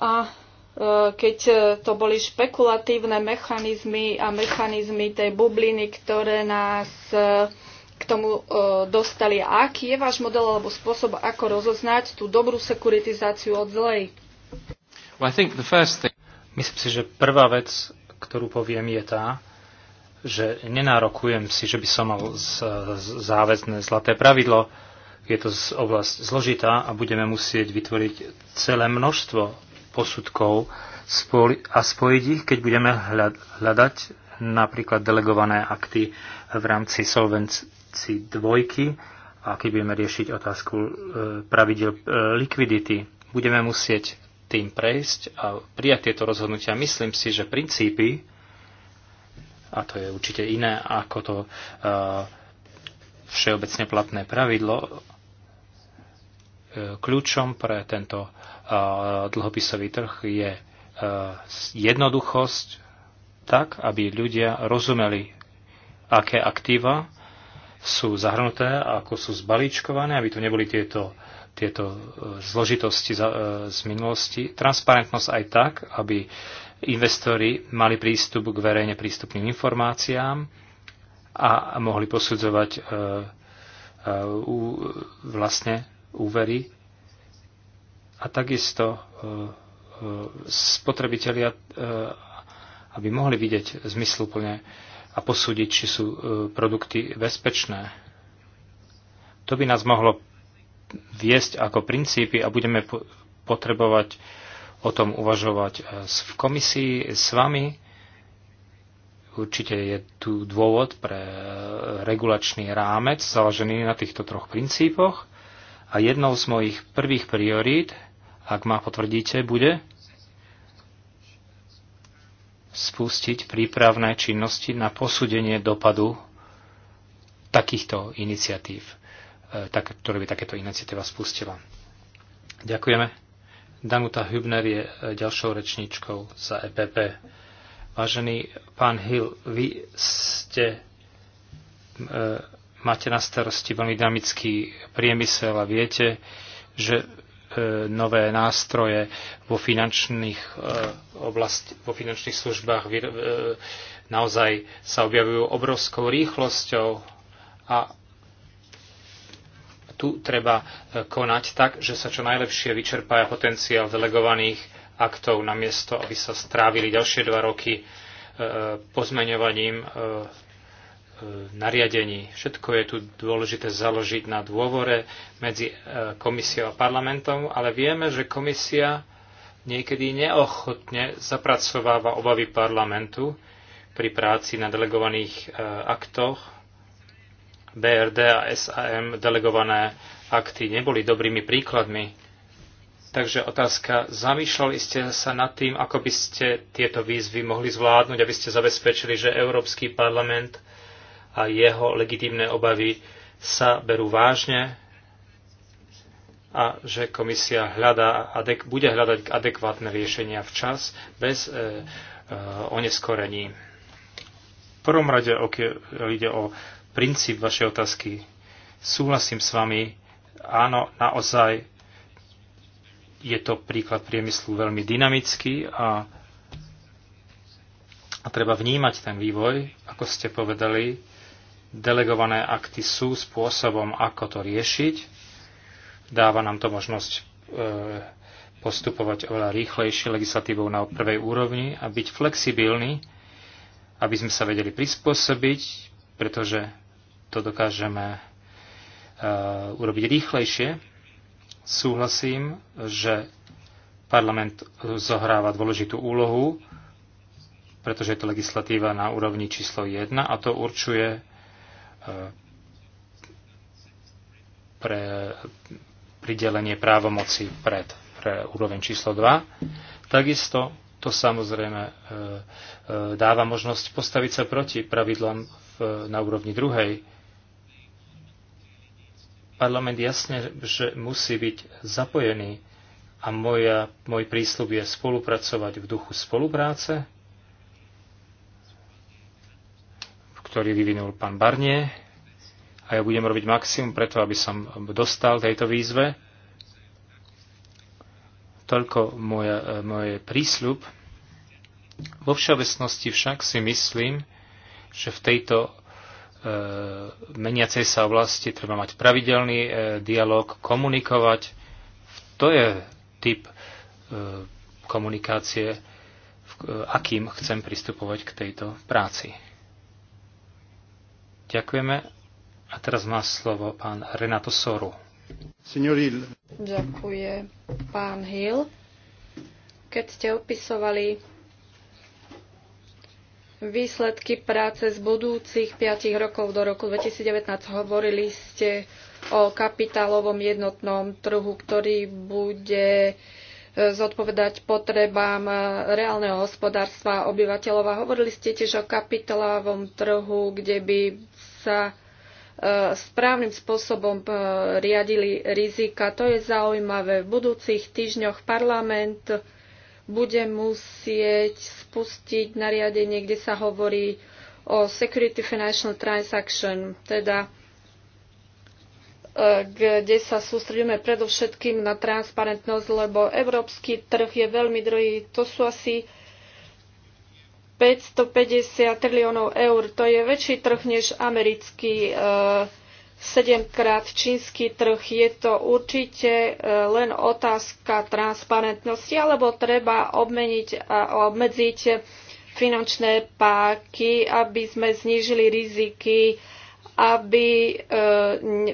A E, keď e, to boli špekulatívne mechanizmy a mechanizmy tej bubliny, ktoré nás e, k tomu dostali. A aký je váš model alebo spôsob, ako rozoznať tú dobrú sekuritizáciu od zlej? Well, thing... Myslím si, že prvá vec, ktorú poviem, je tá, že nenárokujem si, že by som mal záväzné zlaté pravidlo. Je to oblasť zložitá a budeme musieť vytvoriť celé množstvo posudkov a spojiť ich, keď budeme hľadať napríklad delegované akty v rámci solvenci dvojky a keď budeme riešiť otázku e, pravidel e, likvidity. Budeme musieť tým prejsť a prijať tieto rozhodnutia. Myslím si, že princípy, a to je určite iné ako to e, všeobecne platné pravidlo, Kľúčom pre tento uh, dlhopisový trh je uh, jednoduchosť tak, aby ľudia rozumeli, aké aktíva sú zahrnuté a ako sú zbalíčkované, aby tu neboli tieto, tieto uh, zložitosti z minulosti. Transparentnosť aj tak, aby investori mali prístup k verejne prístupným informáciám a mohli posudzovať vlastne úvery a takisto e, e, spotrebitelia, e, aby mohli vidieť zmysluplne a posúdiť, či sú produkty bezpečné. To by nás mohlo viesť ako princípy a budeme potrebovať o tom uvažovať v komisii s vami. Určite je tu dôvod pre regulačný rámec založený na týchto troch princípoch a jednou z mojich prvých priorít, ak ma potvrdíte, bude spustiť prípravné činnosti na posúdenie dopadu takýchto iniciatív, e, tak, ktoré by takéto iniciatíva spustila. Ďakujeme. Danuta Hübner je e, ďalšou rečníčkou za EPP. Vážený pán Hill, vy ste e, máte na starosti veľmi dynamický priemysel a viete, že e, nové nástroje vo finančných, e, oblasti, vo finančných službách e, naozaj sa objavujú obrovskou rýchlosťou a tu treba konať tak, že sa čo najlepšie vyčerpá potenciál delegovaných aktov namiesto, aby sa strávili ďalšie dva roky pozmeňovaním E, nariadení. Všetko je tu dôležité založiť na dôvore medzi e, komisiou a parlamentom, ale vieme, že komisia niekedy neochotne zapracováva obavy parlamentu pri práci na delegovaných e, aktoch. BRD a SAM delegované akty neboli dobrými príkladmi. Takže otázka, zamýšľali ste sa nad tým, ako by ste tieto výzvy mohli zvládnuť, aby ste zabezpečili, že Európsky parlament a jeho legitímne obavy sa berú vážne a že komisia hľada, adek, bude hľadať adekvátne riešenia včas bez e, e, oneskorení. V prvom rade ok, ide o princíp vašej otázky. Súhlasím s vami, áno, naozaj je to príklad priemyslu veľmi dynamický a, a treba vnímať ten vývoj, ako ste povedali, Delegované akty sú spôsobom, ako to riešiť. Dáva nám to možnosť e, postupovať oveľa rýchlejšie legislatívou na prvej úrovni a byť flexibilní, aby sme sa vedeli prispôsobiť, pretože to dokážeme e, urobiť rýchlejšie. Súhlasím, že parlament zohráva dôležitú úlohu, pretože je to legislatíva na úrovni číslo 1 a to určuje pre pridelenie právomoci pred, pre úroveň číslo 2. Takisto to samozrejme e, e, dáva možnosť postaviť sa proti pravidlám na úrovni druhej. Parlament jasne, že musí byť zapojený a moja, môj prísľub je spolupracovať v duchu spolupráce ktorý vyvinul pán Barnie a ja budem robiť maximum preto, aby som dostal tejto výzve. Toľko moje, moje prísľub. Vo všeobecnosti však si myslím, že v tejto e, meniacej sa oblasti treba mať pravidelný e, dialog, komunikovať. To je typ e, komunikácie, v, e, akým chcem pristupovať k tejto práci. Ďakujeme. A teraz má slovo pán Renato Soru. Signor Hill. Ďakujem, pán Hill. Keď ste opisovali výsledky práce z budúcich 5 rokov do roku 2019, hovorili ste o kapitálovom jednotnom trhu, ktorý bude zodpovedať potrebám reálneho hospodárstva obyvateľov. A hovorili ste tiež o kapitálovom trhu, kde by sa e, správnym spôsobom e, riadili rizika. To je zaujímavé. V budúcich týždňoch parlament bude musieť spustiť nariadenie, kde sa hovorí o Security Financial Transaction, teda kde sa sústredíme predovšetkým na transparentnosť, lebo európsky trh je veľmi drahý. To sú asi 550 triliónov eur. To je väčší trh než americký, e, sedemkrát čínsky trh. Je to určite e, len otázka transparentnosti, alebo treba obmeniť a obmedziť finančné páky, aby sme znížili riziky aby e,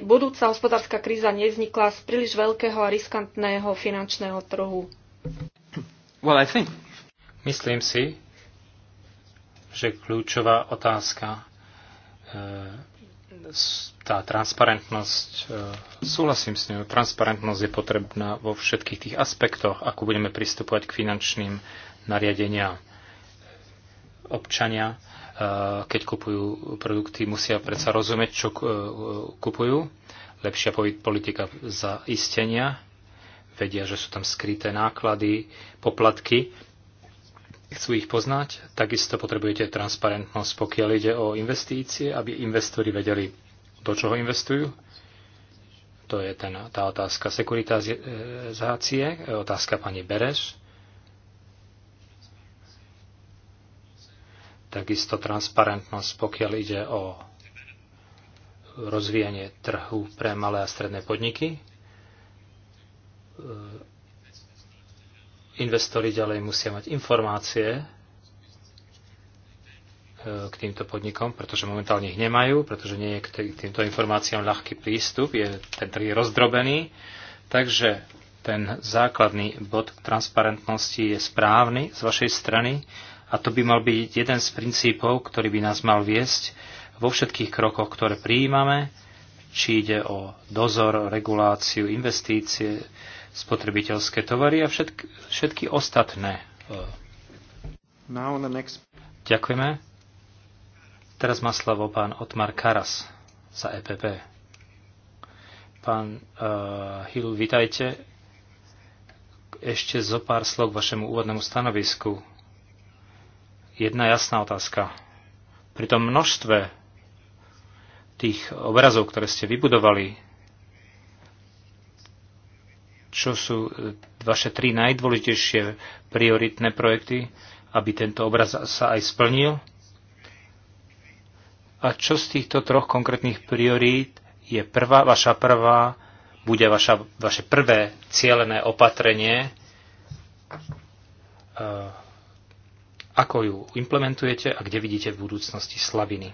budúca hospodárska kríza nevznikla z príliš veľkého a riskantného finančného trhu. Well, I think... Myslím si, že kľúčová otázka e, tá transparentnosť, e, súhlasím s ňou, transparentnosť je potrebná vo všetkých tých aspektoch, ako budeme pristupovať k finančným nariadeniam občania keď kupujú produkty, musia predsa rozumieť, čo e, kupujú. Lepšia politika zaistenia. Vedia, že sú tam skryté náklady, poplatky. Chcú ich poznať. Takisto potrebujete transparentnosť, pokiaľ ide o investície, aby investori vedeli, do čoho investujú. To je ten, tá otázka sekuritizácie, e, e, otázka pani Bereš Takisto transparentnosť, pokiaľ ide o rozvíjanie trhu pre malé a stredné podniky. E, investori ďalej musia mať informácie e, k týmto podnikom, pretože momentálne ich nemajú, pretože nie je k týmto informáciám ľahký prístup, je, ten trh je rozdrobený. Takže ten základný bod transparentnosti je správny z vašej strany a to by mal byť jeden z princípov, ktorý by nás mal viesť vo všetkých krokoch, ktoré prijímame, či ide o dozor, reguláciu, investície, spotrebiteľské tovary a všetky, všetky ostatné. Next... Ďakujeme. Teraz má slovo pán Otmar Karas za EPP. Pán uh, eh, Hill, vitajte. Ešte zo pár slov k vašemu úvodnému stanovisku jedna jasná otázka. Pri tom množstve tých obrazov, ktoré ste vybudovali, čo sú e, vaše tri najdôležitejšie prioritné projekty, aby tento obraz sa aj splnil? A čo z týchto troch konkrétnych priorít je prvá, vaša prvá, bude vaša, vaše prvé cieľené opatrenie, e, ako ju implementujete a kde vidíte v budúcnosti slabiny.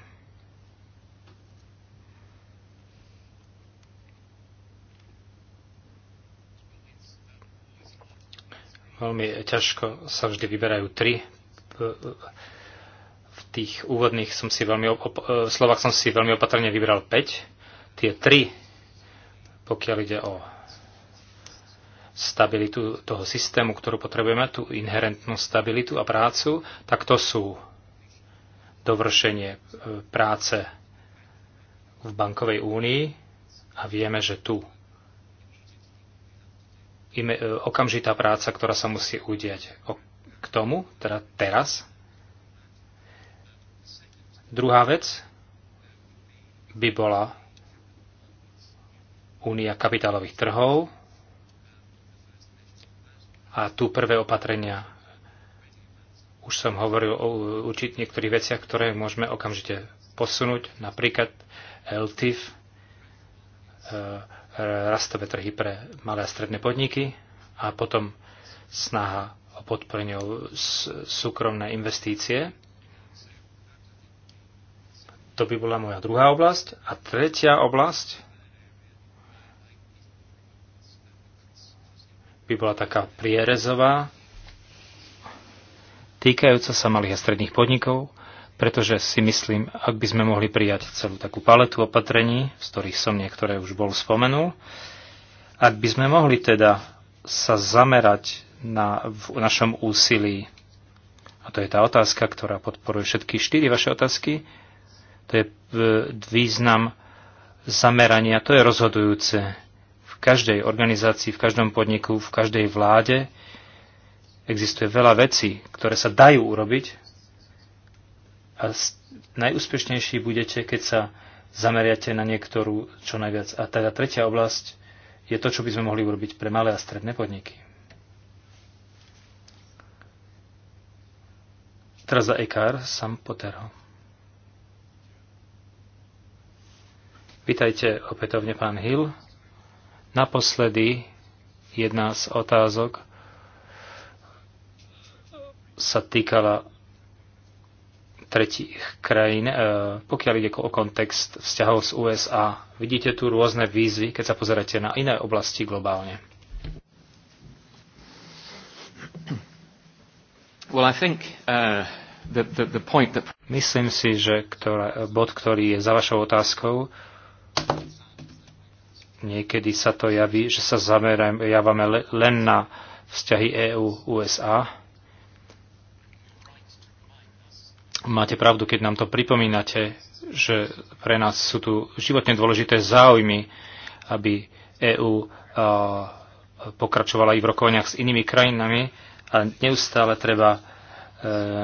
Veľmi ťažko sa vždy vyberajú tri. V tých úvodných som si veľmi e, slovách som si veľmi opatrne vybral 5. Tie tri, pokiaľ ide o stabilitu toho systému, ktorú potrebujeme, tú inherentnú stabilitu a prácu, tak to sú dovršenie e, práce v bankovej únii a vieme, že tu e, okamžitá práca, ktorá sa musí udiať k tomu, teda teraz. Druhá vec by bola únia kapitálových trhov, a tu prvé opatrenia. Už som hovoril o určite niektorých veciach, ktoré môžeme okamžite posunúť, napríklad eh, LTIF, eh, rastové trhy pre malé a stredné podniky a potom snaha o podporenie súkromné investície. To by bola moja druhá oblasť. A tretia oblasť by bola taká prierezová, týkajúca sa malých a stredných podnikov, pretože si myslím, ak by sme mohli prijať celú takú paletu opatrení, z ktorých som niektoré už bol spomenul, ak by sme mohli teda sa zamerať na, v našom úsilí, a to je tá otázka, ktorá podporuje všetky štyri vaše otázky, to je e, význam zamerania, to je rozhodujúce v každej organizácii, v každom podniku, v každej vláde. Existuje veľa vecí, ktoré sa dajú urobiť a najúspešnejší budete, keď sa zameriate na niektorú čo najviac. A teda tretia oblasť je to, čo by sme mohli urobiť pre malé a stredné podniky. Teraz za Ekár, Sam Potero. Vítajte opätovne, pán Hill. Naposledy jedna z otázok sa týkala tretich krajín, e, pokiaľ ide o kontext vzťahov s USA. Vidíte tu rôzne výzvy, keď sa pozeráte na iné oblasti globálne. Well, I think, uh, the, the, the point that... Myslím si, že ktoré, bod, ktorý je za vašou otázkou, Niekedy sa to javí, že sa zameriavame len na vzťahy EU-USA. Máte pravdu, keď nám to pripomínate, že pre nás sú tu životne dôležité záujmy, aby EÚ pokračovala i v rokovaniach s inými krajinami a neustále treba e,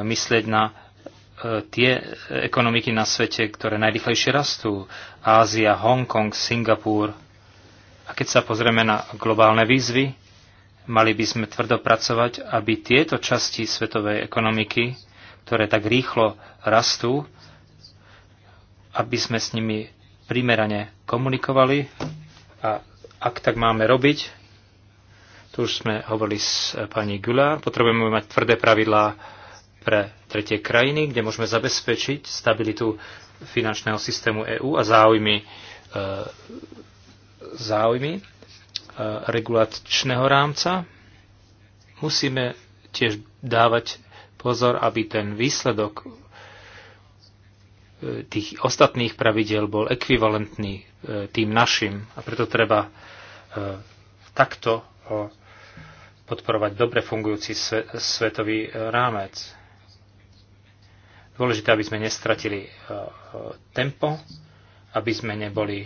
myslieť na e, tie ekonomiky na svete, ktoré najrychlejšie rastú. Ázia, Hongkong, Singapur, a keď sa pozrieme na globálne výzvy, mali by sme tvrdo pracovať, aby tieto časti svetovej ekonomiky, ktoré tak rýchlo rastú, aby sme s nimi primerane komunikovali a ak tak máme robiť, tu už sme hovorili s pani Gulár, potrebujeme mať tvrdé pravidlá pre tretie krajiny, kde môžeme zabezpečiť stabilitu finančného systému EÚ a záujmy e, záujmy e, regulačného rámca. Musíme tiež dávať pozor, aby ten výsledok e, tých ostatných pravidel bol ekvivalentný e, tým našim a preto treba takto podporovať dobre fungujúci svetový rámec. Dôležité, aby sme nestratili tempo, aby sme neboli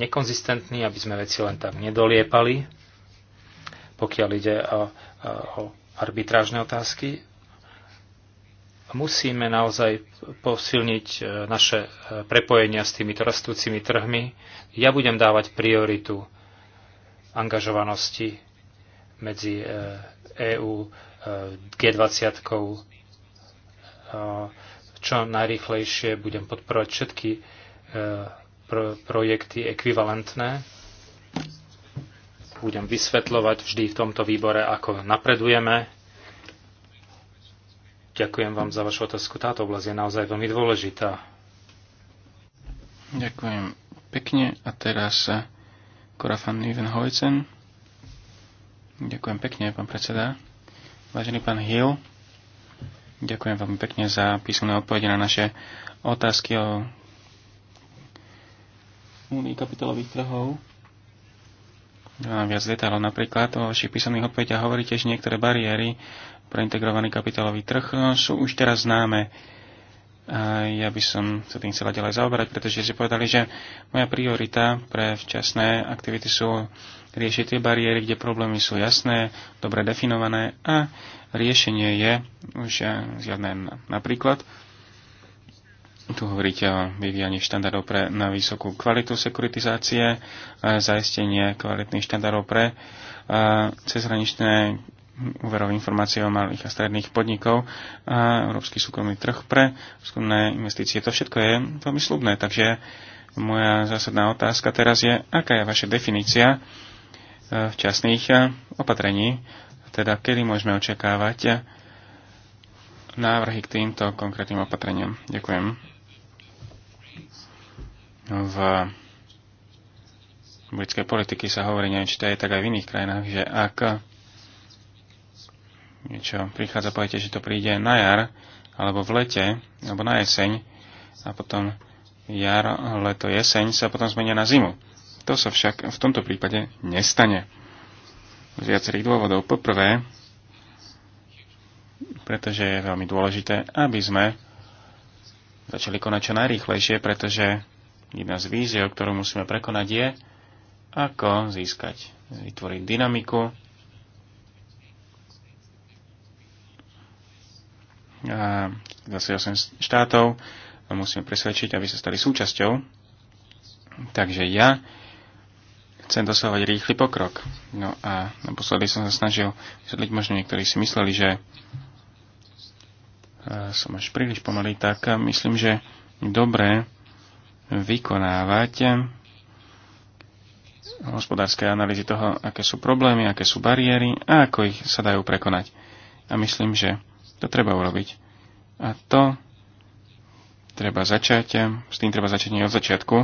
nekonzistentní, aby sme veci len tak nedoliepali, pokiaľ ide o, o arbitrážne otázky. Musíme naozaj posilniť e, naše e, prepojenia s týmito rastúcimi trhmi. Ja budem dávať prioritu angažovanosti medzi EÚ, e G20, čo najrýchlejšie budem podporovať všetky pro- projekty ekvivalentné. Budem vysvetľovať vždy v tomto výbore, ako napredujeme. Ďakujem vám za vašu otázku. Táto oblasť je naozaj veľmi dôležitá. Ďakujem pekne. A teraz Korafan eh, Nivenhojcen. Ďakujem pekne, pán predseda. Vážený pán Hill, ďakujem veľmi pekne za písomné odpovede na naše otázky o únii kapitálových trhov. No a viac detálov napríklad o vašich písomných odpovediach hovoríte, že niektoré bariéry pre integrovaný kapitálový trh no, sú už teraz známe. A ja by som sa tým chcela ďalej zaoberať, pretože ste povedali, že moja priorita pre včasné aktivity sú riešiť tie bariéry, kde problémy sú jasné, dobre definované a riešenie je už eh, zjavné napríklad tu hovoríte o vyvíjaní štandardov pre, na vysokú kvalitu sekuritizácie, zaistenie kvalitných štandardov pre cezhraničné úverové informácie o malých a stredných podnikov a európsky súkromný trh pre súkromné investície. To všetko je veľmi slubné, takže moja zásadná otázka teraz je, aká je vaša definícia e, včasných e, opatrení, teda kedy môžeme očakávať e, návrhy k týmto konkrétnym opatreniam. Ďakujem v britskej politiky sa hovorí, neviem, či to je tak aj v iných krajinách, že ak niečo prichádza, poviete, že to príde na jar, alebo v lete, alebo na jeseň, a potom jar, leto, jeseň sa potom zmenia na zimu. To sa však v tomto prípade nestane. Z viacerých dôvodov. Poprvé, pretože je veľmi dôležité, aby sme začali konať čo najrýchlejšie, pretože Jedna z víziev, ktorú musíme prekonať, je, ako získať, vytvoriť dynamiku a zase 8 štátov a musíme presvedčiť, aby sa stali súčasťou. Takže ja chcem dosahovať rýchly pokrok. No a naposledy som sa snažil vysvetliť, možno niektorí si mysleli, že som až príliš pomalý, tak myslím, že dobré vykonávať hospodárskej analýzy toho, aké sú problémy, aké sú bariéry a ako ich sa dajú prekonať. A myslím, že to treba urobiť. A to treba začať, s tým treba začať nie od začiatku,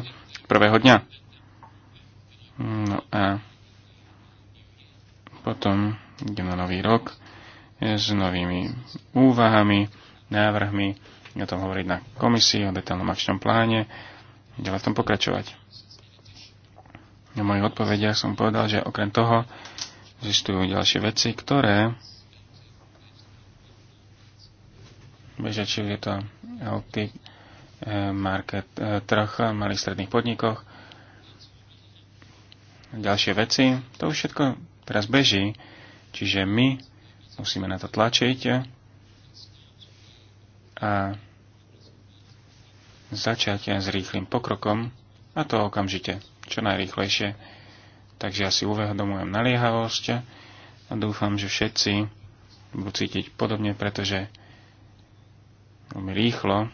prvého dňa. No a potom idem na nový rok s novými úvahami, návrhmi, o tom hovoriť na komisii, o detailnom akčnom pláne, ďalej v tom pokračovať. Na mojich odpovediach som povedal, že okrem toho existujú ďalšie veci, ktoré bežia, či je to LT eh, market, eh, trh malých stredných podnikoch, ďalšie veci, to už všetko teraz beží, čiže my musíme na to tlačiť a začať s rýchlým pokrokom, a to okamžite, čo najrýchlejšie. Takže ja si uvedomujem naliehavosť a dúfam, že všetci budú cítiť podobne, pretože veľmi rýchlo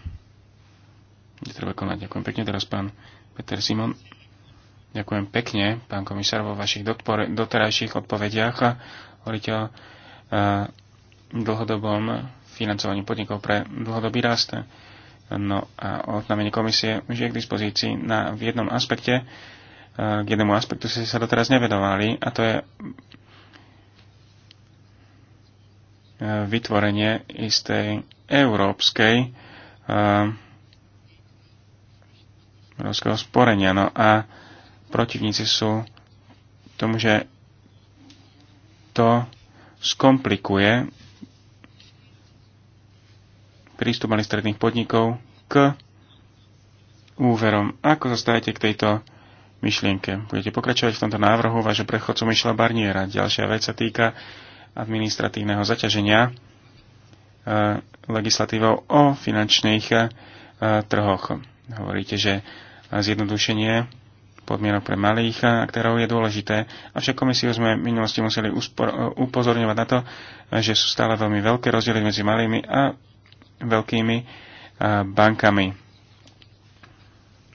treba konať. Ďakujem pekne teraz pán Peter Simon. Ďakujem pekne, pán komisár, vo vašich doterajších odpovediach a hovoríte o e, dlhodobom financovaní podnikov pre dlhodobý rast. No a oznámenie komisie už je k dispozícii na, v jednom aspekte, e, k jednému aspektu ste sa doteraz nevedovali, a to je e, vytvorenie istej európskej e, európskeho sporenia. No a protivníci sú tomu, že to skomplikuje prístup malých stredných podnikov k úverom. Ako zostávate k tejto myšlienke? Budete pokračovať v tomto návrhu vášho prechodcu Myšla Barniera. Ďalšia vec sa týka administratívneho zaťaženia e, legislatívou o finančných e, trhoch. Hovoríte, že zjednodušenie podmienok pre malých aktérov je dôležité, avšak komisiu sme v minulosti museli upozorňovať na to, že sú stále veľmi veľké rozdiely medzi malými a veľkými eh, bankami.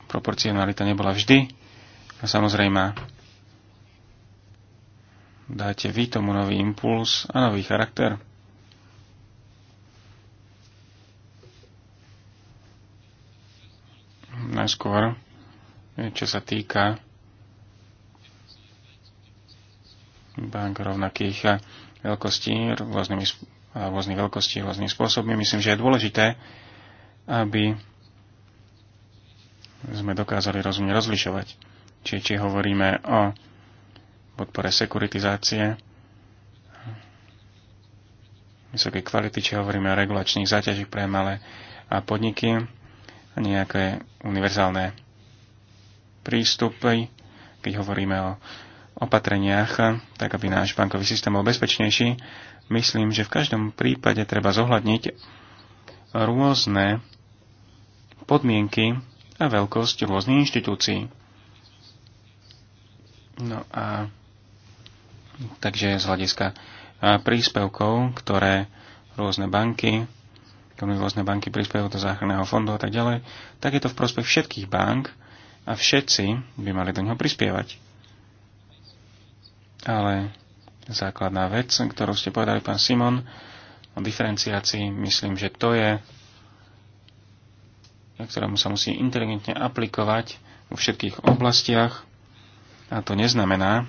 Proporcionalita nebola vždy a samozrejme dáte vy tomu nový impuls a nový charakter. Najskôr, eh, čo sa týka bank rovnakých eh, veľkostí rôznymi rôznych veľkostí, rôznym spôsobmi. Myslím, že je dôležité, aby sme dokázali rozumne rozlišovať. Či, či hovoríme o podpore sekuritizácie, vysokej kvality, či hovoríme o regulačných záťažích pre malé a podniky, a nejaké univerzálne prístupy, keď hovoríme o opatreniach, tak aby náš bankový systém bol bezpečnejší, myslím, že v každom prípade treba zohľadniť rôzne podmienky a veľkosť rôznych inštitúcií. No a takže z hľadiska príspevkov, ktoré rôzne banky, ktoré rôzne banky príspevujú do záchranného fondu a tak ďalej, tak je to v prospech všetkých bank a všetci by mali do neho prispievať. Ale základná vec, ktorú ste povedali, pán Simon, o diferenciácii. Myslím, že to je, ktorému sa musí inteligentne aplikovať vo všetkých oblastiach. A to neznamená,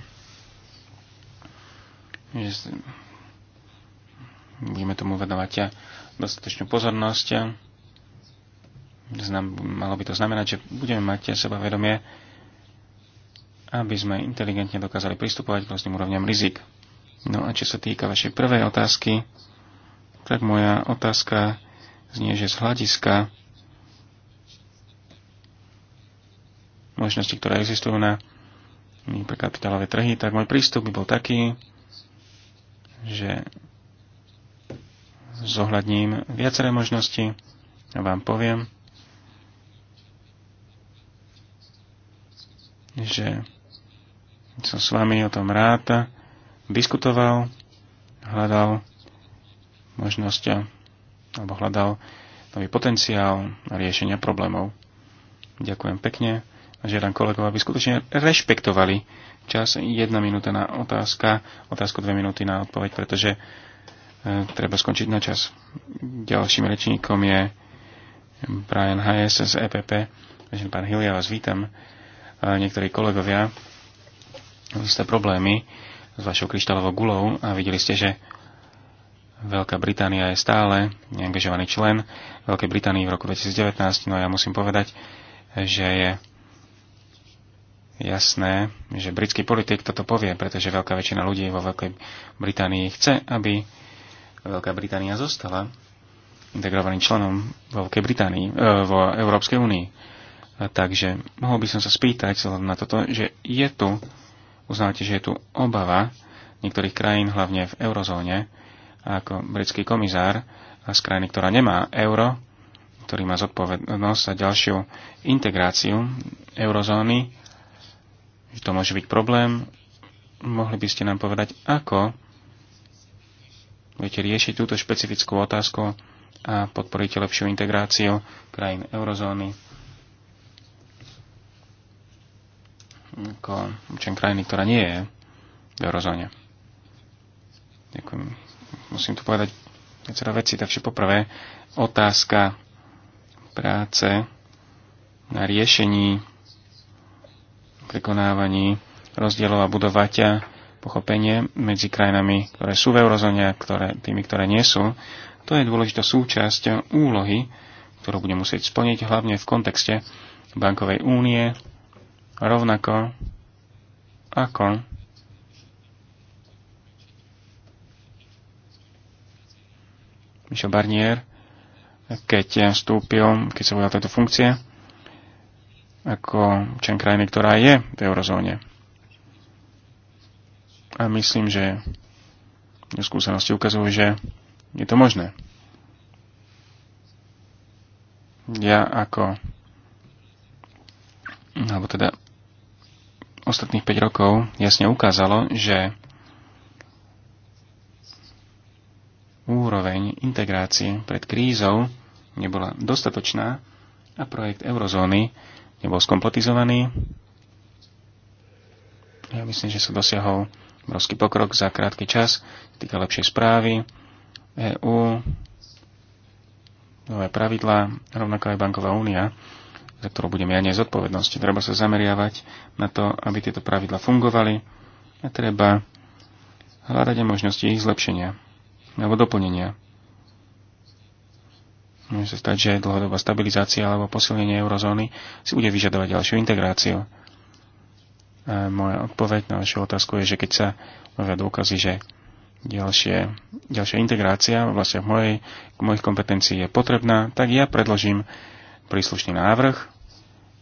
že budeme tomu venovať dostatočnú pozornosť. Znam, malo by to znamenať, že budeme mať seba vedomie. aby sme inteligentne dokázali pristupovať k rôznym úrovňam rizik. No a čo sa týka vašej prvej otázky, tak moja otázka znie, že z hľadiska možnosti, ktoré existujú na pre kapitálové trhy, tak môj prístup by bol taký, že zohľadním viaceré možnosti a vám poviem, že som s vami o tom rád diskutoval, hľadal možnosť alebo hľadal nový potenciál riešenia problémov. Ďakujem pekne a žiadam kolegov, aby skutočne rešpektovali čas. Jedna minúta na otázka, otázku dve minúty na odpoveď, pretože e, treba skončiť na čas. Ďalším rečníkom je Brian Hayes z EPP. Takže pán Hill, ja vás vítam. E, niektorí kolegovia ste problémy s vašou kryštálovou gulou a videli ste, že Veľká Británia je stále neangažovaný člen Veľkej Británii v roku 2019, no a ja musím povedať, že je jasné, že britský politik toto povie, pretože veľká väčšina ľudí vo Veľkej Británii chce, aby Veľká Británia zostala integrovaným členom Veľkej Británii, e, vo Európskej únii. Takže mohol by som sa spýtať na toto, že je tu uznávate, že je tu obava niektorých krajín, hlavne v eurozóne, ako britský komisár z krajiny, ktorá nemá euro, ktorý má zodpovednosť za ďalšiu integráciu eurozóny, že to môže byť problém. Mohli by ste nám povedať, ako budete riešiť túto špecifickú otázku a podporíte lepšiu integráciu krajín eurozóny ako občan krajiny, ktorá nie je v eurozóne. Ďakujem. Musím tu povedať viacero veci. Takže poprvé, otázka práce na riešení, prekonávaní rozdielov a budovaťa pochopenie medzi krajinami, ktoré sú v eurozóne a ktoré, tými, ktoré nie sú. To je dôležitá súčasť úlohy, ktorú bude musieť splniť hlavne v kontexte bankovej únie rovnako ako Michel Barnier, keď vstúpil, keď sa ujal tejto funkcie, ako člen krajiny, ktorá je v eurozóne. A myslím, že skúsenosti ukazujú, že je to možné. Ja ako alebo teda ostatných 5 rokov jasne ukázalo, že úroveň integrácie pred krízou nebola dostatočná a projekt eurozóny nebol skompletizovaný. Ja myslím, že sa dosiahol obrovský pokrok za krátky čas, týka lepšej správy, EU, nové pravidlá, rovnako aj banková únia za ktorú budeme ja nezodpovednosť. Treba sa zameriavať na to, aby tieto pravidla fungovali a treba hľadať aj možnosti ich zlepšenia alebo doplnenia. Môže sa stať, že dlhodobá stabilizácia alebo posilnenie eurozóny si bude vyžadovať ďalšiu integráciu. A moja odpoveď na vašu otázku je, že keď sa môžu dôkazy, že ďalšie, ďalšia integrácia vlastne v mojej, v mojich kompetencií je potrebná, tak ja predložím príslušný návrh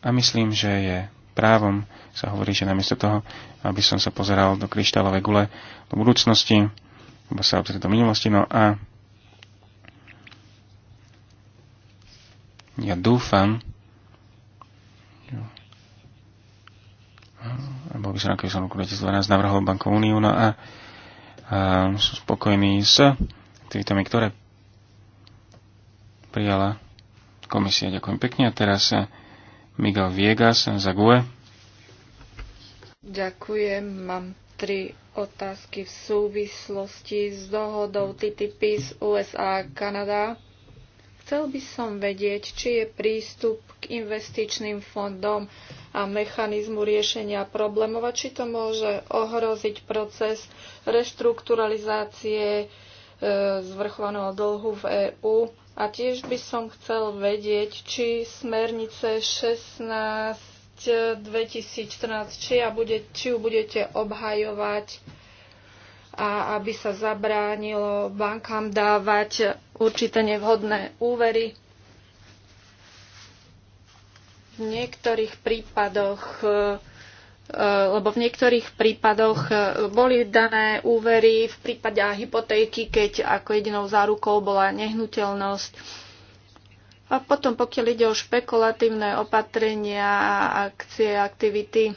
a myslím, že je právom sa hovorí, že namiesto toho, aby som sa pozeral do kryštálovej gule do budúcnosti, alebo sa obzrieť do minulosti, no a ja dúfam, alebo by som aký som 2012 navrhol bankovú Úniu, no a, a som spokojný s aktivitami, ktoré prijala komisia. Ďakujem pekne a teraz Miguel Viegas za e. Ďakujem. Mám tri otázky v súvislosti s dohodou TTP z USA a Kanada. Chcel by som vedieť, či je prístup k investičným fondom a mechanizmu riešenia problémov a či to môže ohroziť proces reštrukturalizácie e, zvrchovaného dlhu v EÚ a tiež by som chcel vedieť, či smernice 16 2014, či, ja bude, či ju budete obhajovať a aby sa zabránilo bankám dávať určité nevhodné úvery. V niektorých prípadoch Eh, lebo v niektorých prípadoch eh, boli dané úvery v prípade hypotéky, keď ako jedinou zárukou bola nehnuteľnosť. A potom, pokiaľ ide o špekulatívne opatrenia a akcie, aktivity,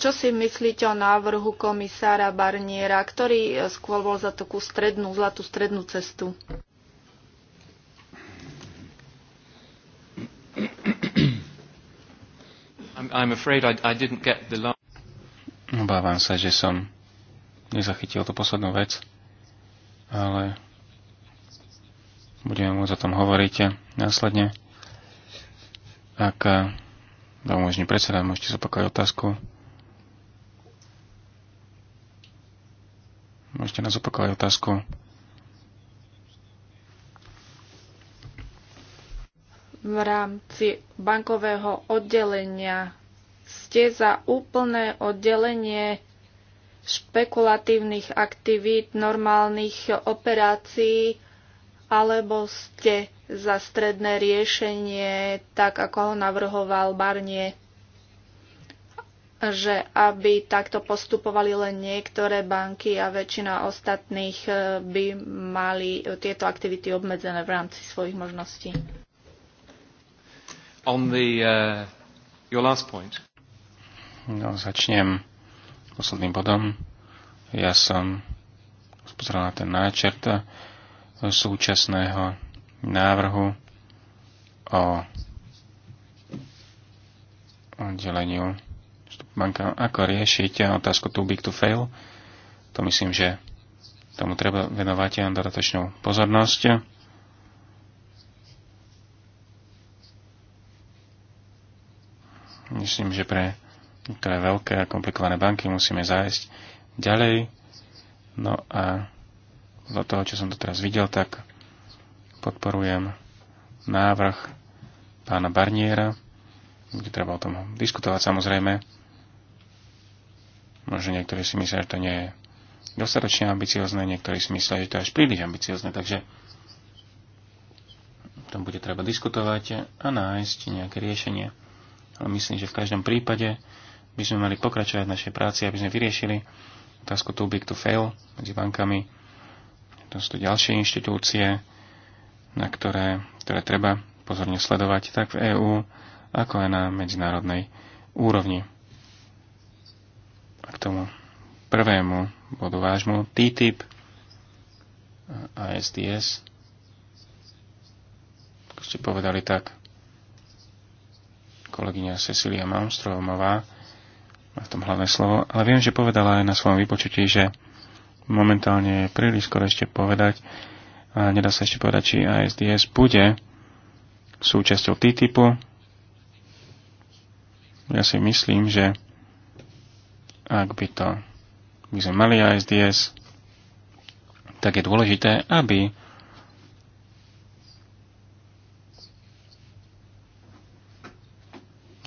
čo si myslíte o návrhu komisára Barniera, ktorý eh, skôr bol za takú strednú, zlatú strednú cestu? I'm afraid I, I didn't get the last... Obávam sa, že som nezachytil tú poslednú vec, ale budeme môcť o tom hovoriť následne. Ak eh, vám umožní predseda, môžete zopakovať otázku. Môžete nás opakovať otázku. v rámci bankového oddelenia. Ste za úplné oddelenie špekulatívnych aktivít, normálnych operácií, alebo ste za stredné riešenie, tak ako ho navrhoval Barnie, že aby takto postupovali len niektoré banky a väčšina ostatných eh, by mali tieto aktivity obmedzené v rámci svojich možností. On the, uh, your last point. No, začnem posledným bodom. Ja som pozrel na ten náčrt súčasného návrhu o oddeleniu banka, ako riešiť otázku too big to fail. To myslím, že tomu treba venovať dodatočnú pozornosť Myslím, že pre niektoré veľké a komplikované banky musíme zájsť ďalej. No a do toho, čo som to teraz videl, tak podporujem návrh pána Barniera, kde treba o tom diskutovať samozrejme. Možno niektorí si myslia, že to nie je dostatočne ambiciozne, niektorí si myslia, že to je až príliš ambiciozne, takže o tom bude treba diskutovať a nájsť nejaké riešenie ale myslím, že v každom prípade by sme mali pokračovať v našej práci, aby sme vyriešili otázku too big to fail medzi bankami. To sú to ďalšie inštitúcie, na ktoré, ktoré treba pozorne sledovať tak v EÚ, ako aj na medzinárodnej úrovni. A k tomu prvému bodu vážmu TTIP a SDS. Ako ste povedali tak, kolegyňa Cecilia Malmstromová má v tom hlavné slovo, ale viem, že povedala aj na svojom vypočutí, že momentálne je príliš skoro ešte povedať, a nedá sa ešte povedať, či ASDS bude súčasťou TTIPu. Ja si myslím, že ak by to by sme mali ASDS, tak je dôležité, aby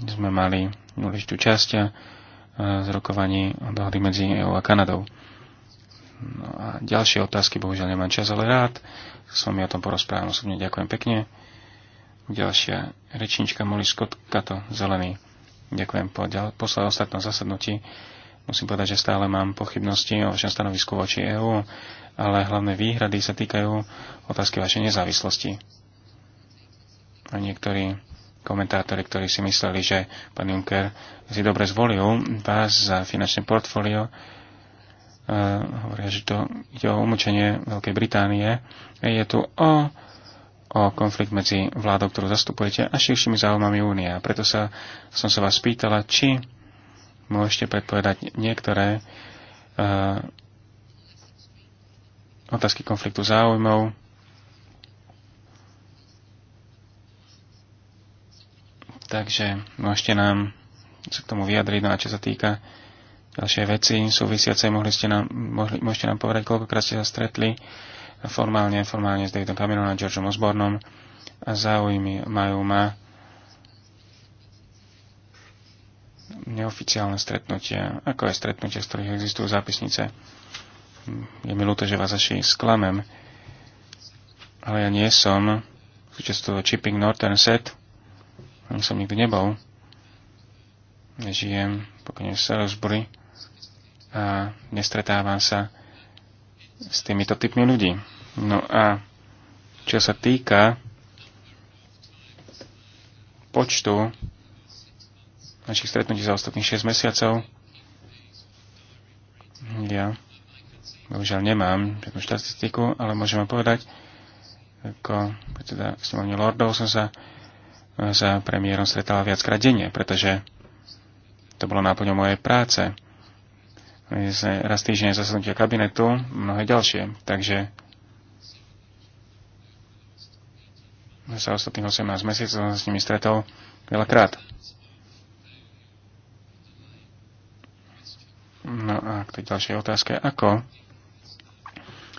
sme mali dôležitú časť eh, z rokovaní o dohody medzi EU a Kanadou. No a ďalšie otázky, bohužiaľ nemám čas, ale rád som ja o tom porozprávam osobne. Ďakujem pekne. Ďalšia rečnička Molly Scott Kato, zelený. Ďakujem po ďal- posledné ostatnom zasadnutí. Musím povedať, že stále mám pochybnosti o vašom stanovisku voči EÚ, ale hlavné výhrady sa týkajú otázky vašej nezávislosti. A niektorí komentátori, ktorí si mysleli, že pán Juncker si dobre zvolil vás za finančné portfólio, E, hovoria, že to ide o umočenie Veľkej Británie. Je tu o, o konflikt medzi vládou, ktorú zastupujete, a širšími záujmami únie. A preto sa, som sa vás pýtala, či môžete predpovedať niektoré e, otázky konfliktu záujmov, Takže môžete nám sa k tomu vyjadriť, no a čo sa týka ďalšie veci súvisiace, mohli ste nám, mohli, môžete nám povedať, koľkokrát ste sa stretli formálne, formálne s Davidom Cameronom a Georgeom Osbornom a záujmy majú ma neoficiálne stretnutia, ako aj stretnutia, z ktorých existujú zápisnice. Je mi ľúto, že vás až sklamem, ale ja nie som súčasť toho Chipping Northern Set, som nikdy nebol. Nežijem pokojne v Salisbury a nestretávam sa s týmito typmi ľudí. No a čo sa týka počtu našich stretnutí za ostatných 6 mesiacov, ja bohužiaľ nemám žiadnu štatistiku, ale môžem vám povedať, ako predseda snemovne lordov som sa s premiérom stretala viackrát denne, pretože to bolo náplňou mojej práce. Raz týždeň zasadnutia kabinetu, mnohé ďalšie. Takže za ostatných 18 mesiacov som sa s nimi stretol veľakrát. No a k tej ďalšej otázke, ako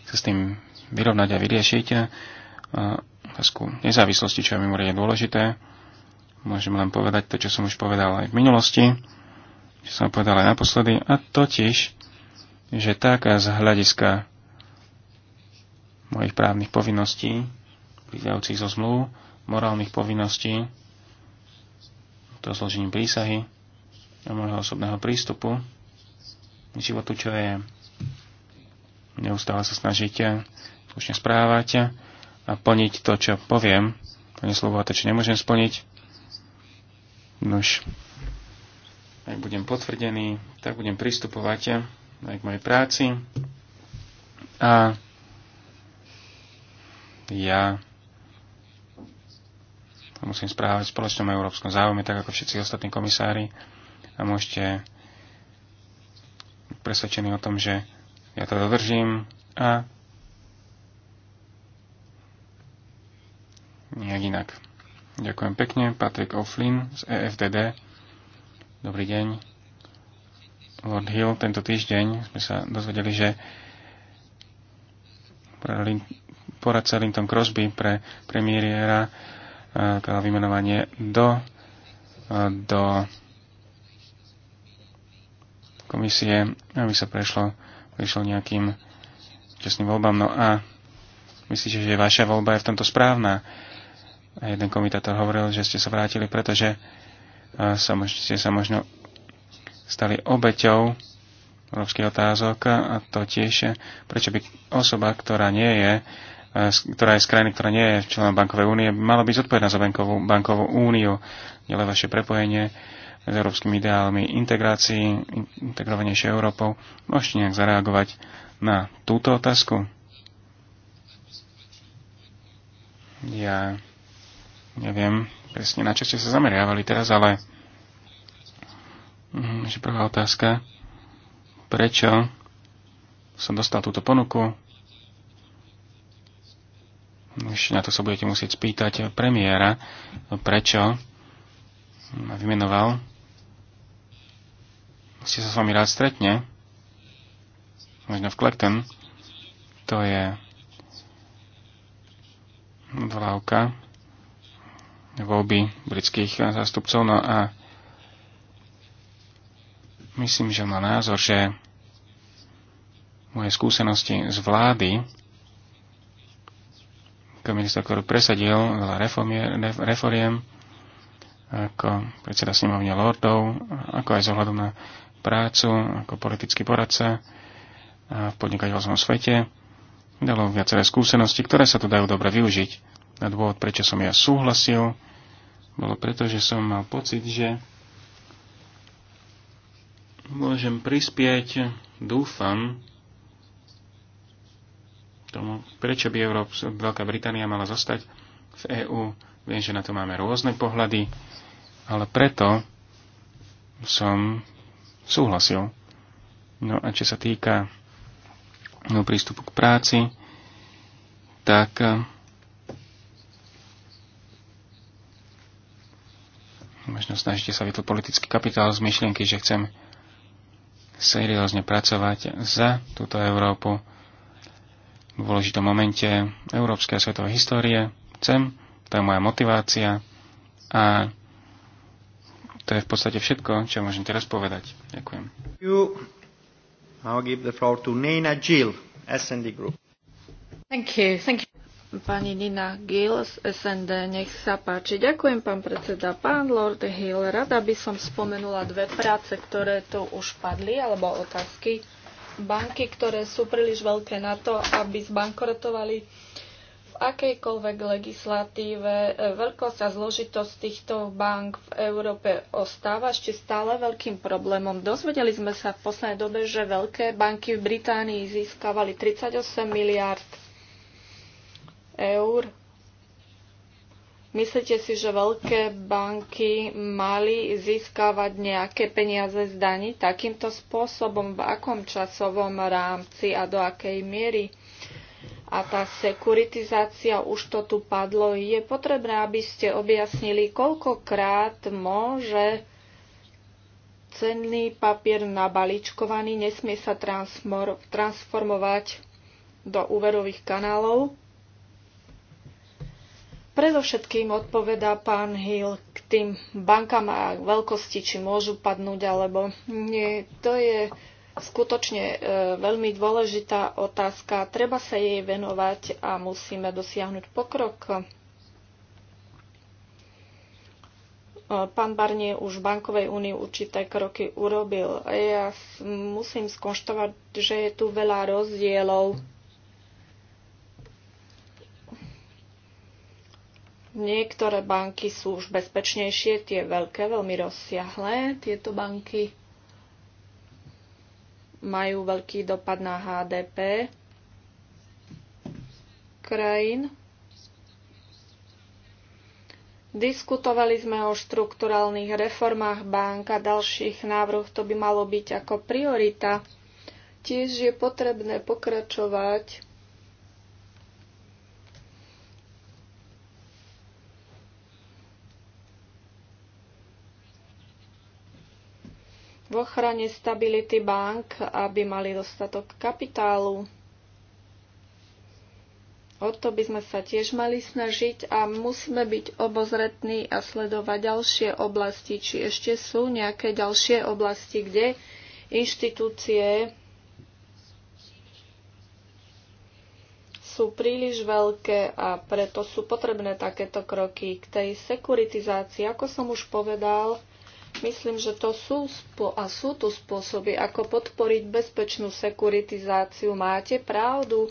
sa s tým vyrovnať a vyriešiť otázku nezávislosti, čo je mimoriadne dôležité. Môžem len povedať to, čo som už povedal aj v minulosti, čo som povedal aj naposledy, a totiž, že tak z hľadiska mojich právnych povinností, vyzajúcich zo zmluv, morálnych povinností, to zložením prísahy a môjho osobného prístupu k životu, čo je neustále sa snažíte slušne správať, e, a plniť to, čo poviem. Pane slovo a to, čo nemôžem splniť. Nož, ak budem potvrdený, tak budem pristupovať aj k mojej práci. A ja musím správať v spoločnom európskom záujme, tak ako všetci ostatní komisári. A môžete presvedčení o tom, že ja to dodržím a nejak inak. Ďakujem pekne. Patrik O'Flynn z EFDD. Dobrý deň. Lord Hill, tento týždeň sme sa dozvedeli, že poradca Linton Crosby pre premiéra e, dal teda vymenovanie do, e, do komisie, aby sa prešlo, prešlo nejakým čestným voľbám. No a myslíte, že vaša voľba je v tomto správna? A jeden komitátor hovoril, že ste sa vrátili, pretože e, sa, ste sa možno stali obeťou európskych otázok a to tiež, e, prečo by osoba, ktorá nie je, e, ktorá je z krajiny, ktorá nie je členom bankovej únie, mala byť zodpovedná za bankovú, bankovú úniu, ale vaše prepojenie s európskymi ideálmi integrácií, integrovanejšej Európou. Môžete nejak zareagovať na túto otázku? Ja neviem presne na čo ste sa zameriavali teraz, ale mhm, že prvá otázka, prečo som dostal túto ponuku, ešte na to sa budete musieť spýtať premiéra, prečo ma vymenoval. Ste sa s vami rád stretne, možno v Clacton, to je odvolávka voľby britských eh, zástupcov. No a myslím, že má názor, že moje skúsenosti z vlády, ako minister, ktorý presadil veľa reforiem, ako predseda snemovne lordov, ako aj zohľadom na prácu, ako politický poradca eh, v podnikateľskom svete, dalo viaceré skúsenosti, ktoré sa tu dajú dobre využiť na dôvod, prečo som ja súhlasil, bolo preto, že som mal pocit, že môžem prispieť, dúfam, tomu, prečo by Európs- Veľká Británia mala zostať v EÚ. Viem, že na to máme rôzne pohľady, ale preto som súhlasil. No a čo sa týka no, prístupu k práci, tak možno snažíte sa vytvoriť politický kapitál z myšlienky, že chcem seriózne pracovať za túto Európu v dôležitom momente európskej a svetovej histórie. Chcem, to je moja motivácia a to je v podstate všetko, čo môžem teraz povedať. Ďakujem. Thank you. Thank you. Pani Nina Gill z SND, nech sa páči. Ďakujem, pán predseda. Pán Lord Hill, rada by som spomenula dve práce, ktoré tu už padli, alebo otázky. Banky, ktoré sú príliš veľké na to, aby zbankrotovali v akejkoľvek legislatíve. Veľkosť a zložitosť týchto bank v Európe ostáva ešte stále veľkým problémom. Dozvedeli sme sa v poslednej dobe, že veľké banky v Británii získavali 38 miliard eur. Myslíte si, že veľké banky mali získavať nejaké peniaze z daní takýmto spôsobom, v akom časovom rámci a do akej miery? A tá sekuritizácia, už to tu padlo, je potrebné, aby ste objasnili, koľkokrát môže cenný papier nabaličkovaný nesmie sa transformovať do úverových kanálov Predovšetkým odpovedá pán Hill k tým bankám a veľkosti, či môžu padnúť alebo nie. To je skutočne e, veľmi dôležitá otázka. Treba sa jej venovať a musíme dosiahnuť pokrok. E, pán Barnier už v Bankovej únii určité kroky urobil. Ja musím skonštovať, že je tu veľa rozdielov Niektoré banky sú už bezpečnejšie, tie veľké, veľmi rozsiahlé. Tieto banky majú veľký dopad na HDP krajín. Diskutovali sme o štrukturálnych reformách bank a ďalších návrhoch. To by malo byť ako priorita. Tiež je potrebné pokračovať v ochrane stability bank, aby mali dostatok kapitálu. O to by sme sa tiež mali snažiť a musíme byť obozretní a sledovať ďalšie oblasti, či ešte sú nejaké ďalšie oblasti, kde inštitúcie sú príliš veľké a preto sú potrebné takéto kroky k tej sekuritizácii. Ako som už povedal, Myslím, že to sú a sú tu spôsoby, ako podporiť bezpečnú sekuritizáciu. Máte pravdu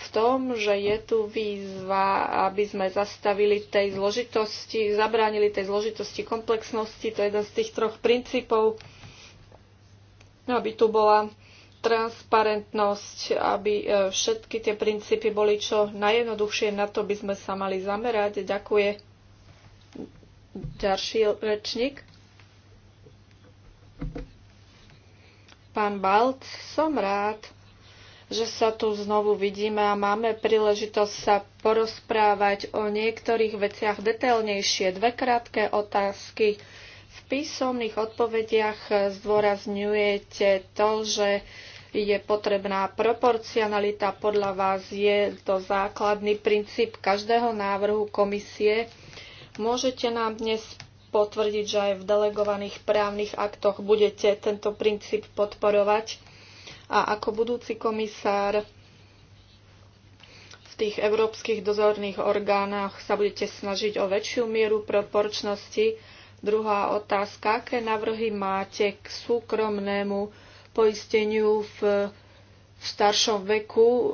v tom, že je tu výzva, aby sme zastavili tej zložitosti, zabránili tej zložitosti komplexnosti. To je jeden z tých troch princípov, no, aby tu bola transparentnosť, aby e, všetky tie princípy boli čo najjednoduchšie. Na to by sme sa mali zamerať. Ďakuje ďalší rečník. Pán Balt, som rád, že sa tu znovu vidíme a máme príležitosť sa porozprávať o niektorých veciach detailnejšie. Dve krátke otázky. V písomných odpovediach zdôrazňujete to, že je potrebná proporcionalita. Podľa vás je to základný princíp každého návrhu komisie. Môžete nám dnes potvrdiť, že aj v delegovaných právnych aktoch budete tento princíp podporovať. A ako budúci komisár v tých európskych dozorných orgánoch sa budete snažiť o väčšiu mieru proporčnosti. Druhá otázka, aké návrhy máte k súkromnému poisteniu v v staršom veku. E,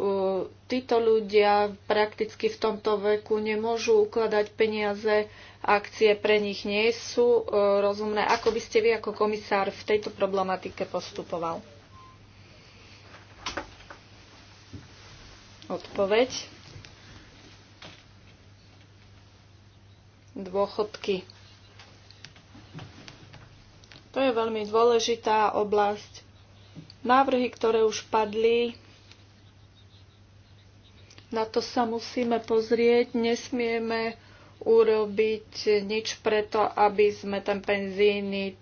títo ľudia prakticky v tomto veku nemôžu ukladať peniaze, akcie pre nich nie sú e, rozumné. Ako by ste vy ako komisár v tejto problematike postupoval? Odpoveď. Dôchodky. To je veľmi dôležitá oblasť Návrhy, ktoré už padli, na to sa musíme pozrieť. Nesmieme urobiť nič preto, aby sme ten penzíny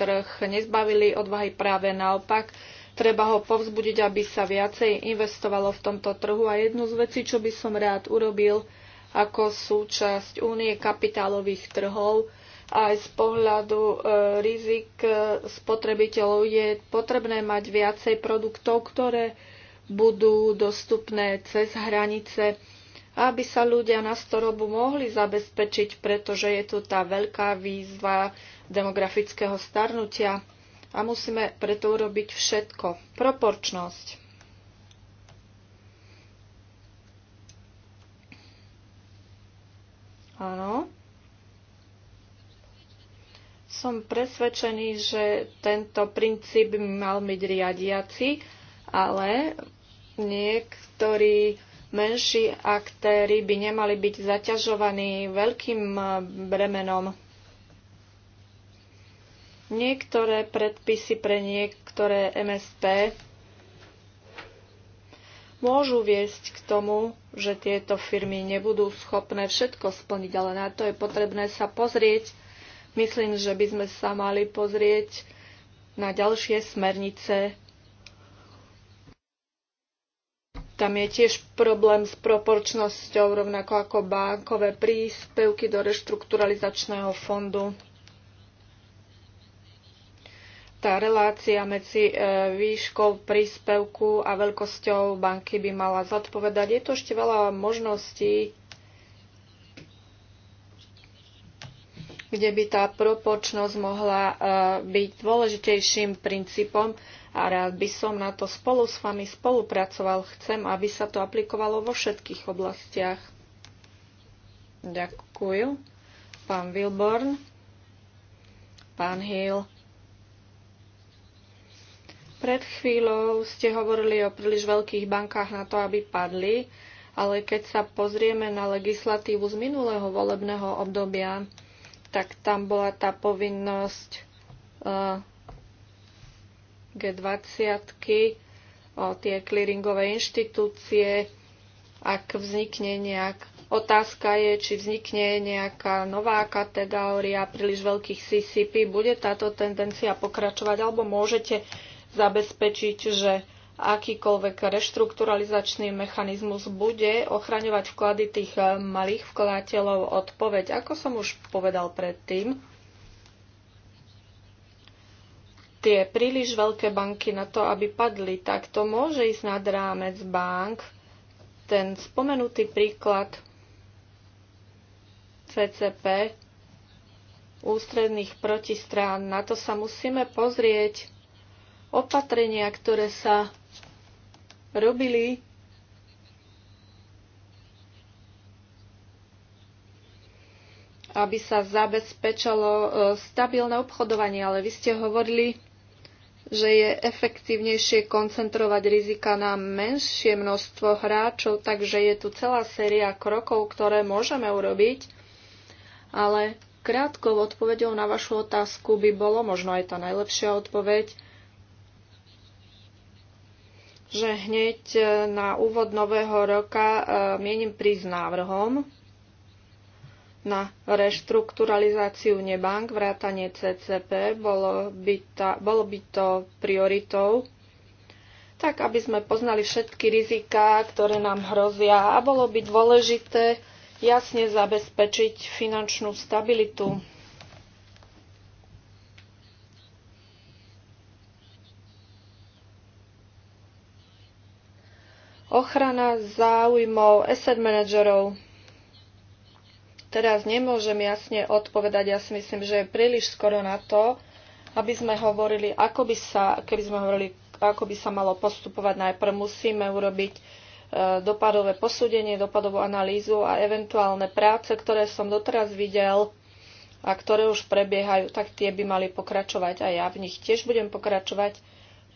trh nezbavili odvahy práve naopak. Treba ho povzbudiť, aby sa viacej investovalo v tomto trhu. A jednu z vecí, čo by som rád urobil ako súčasť únie kapitálových trhov, aj z pohľadu e, rizik e, spotrebiteľov je potrebné mať viacej produktov, ktoré budú dostupné cez hranice, aby sa ľudia na starobu mohli zabezpečiť, pretože je tu tá veľká výzva demografického starnutia a musíme preto urobiť všetko. Proporčnosť. Áno som presvedčený, že tento princíp by mal byť riadiaci, ale niektorí menší aktéry by nemali byť zaťažovaní veľkým eh, bremenom. Niektoré predpisy pre niektoré MSP môžu viesť k tomu, že tieto firmy nebudú schopné všetko splniť, ale na to je potrebné sa pozrieť, Myslím, že by sme sa mali pozrieť na ďalšie smernice. Tam je tiež problém s proporčnosťou, rovnako ako bankové príspevky do reštrukturalizačného fondu tá relácia medzi e, výškou príspevku a veľkosťou banky by mala zodpovedať. Je tu ešte veľa možností, kde by tá proporčnosť mohla e, byť dôležitejším princípom a rád by som na to spolu s vami spolupracoval. Chcem, aby sa to aplikovalo vo všetkých oblastiach. Ďakujem. Pán Wilborn, pán Hill. Pred chvíľou ste hovorili o príliš veľkých bankách na to, aby padli, ale keď sa pozrieme na legislatívu z minulého volebného obdobia, tak tam bola tá povinnosť e, G20 o tie clearingové inštitúcie, ak vznikne nejak Otázka je, či vznikne nejaká nová kategória príliš veľkých CCP. Bude táto tendencia pokračovať, alebo môžete zabezpečiť, že akýkoľvek reštrukturalizačný mechanizmus bude ochraňovať vklady tých eh, malých vkladateľov odpoveď. Ako som už povedal predtým, tie príliš veľké banky na to, aby padli, tak to môže ísť nad rámec bank. Ten spomenutý príklad CCP ústredných protistrán, na to sa musíme pozrieť. Opatrenia, ktoré sa robili aby sa zabezpečalo e, stabilné obchodovanie, ale vy ste hovorili, že je efektívnejšie koncentrovať rizika na menšie množstvo hráčov, takže je tu celá séria krokov, ktoré môžeme urobiť. Ale krátkou odpovedou na vašu otázku by bolo, možno aj tá najlepšia odpoveď, že hneď e, na úvod nového roka e, mienim prísť návrhom na reštrukturalizáciu nebank, vrátanie CCP, bolo by, ta, bolo by to prioritou, tak aby sme poznali všetky riziká, ktoré nám hrozia a bolo by dôležité jasne zabezpečiť finančnú stabilitu. Ochrana záujmov asset managerov. Teraz nemôžem jasne odpovedať, ja si myslím, že je príliš skoro na to, aby sme hovorili, ako by sa, keby sme hovorili, ako by sa malo postupovať. Najprv musíme urobiť e, dopadové posúdenie, dopadovú analýzu a eventuálne práce, ktoré som doteraz videl a ktoré už prebiehajú, tak tie by mali pokračovať a ja v nich tiež budem pokračovať.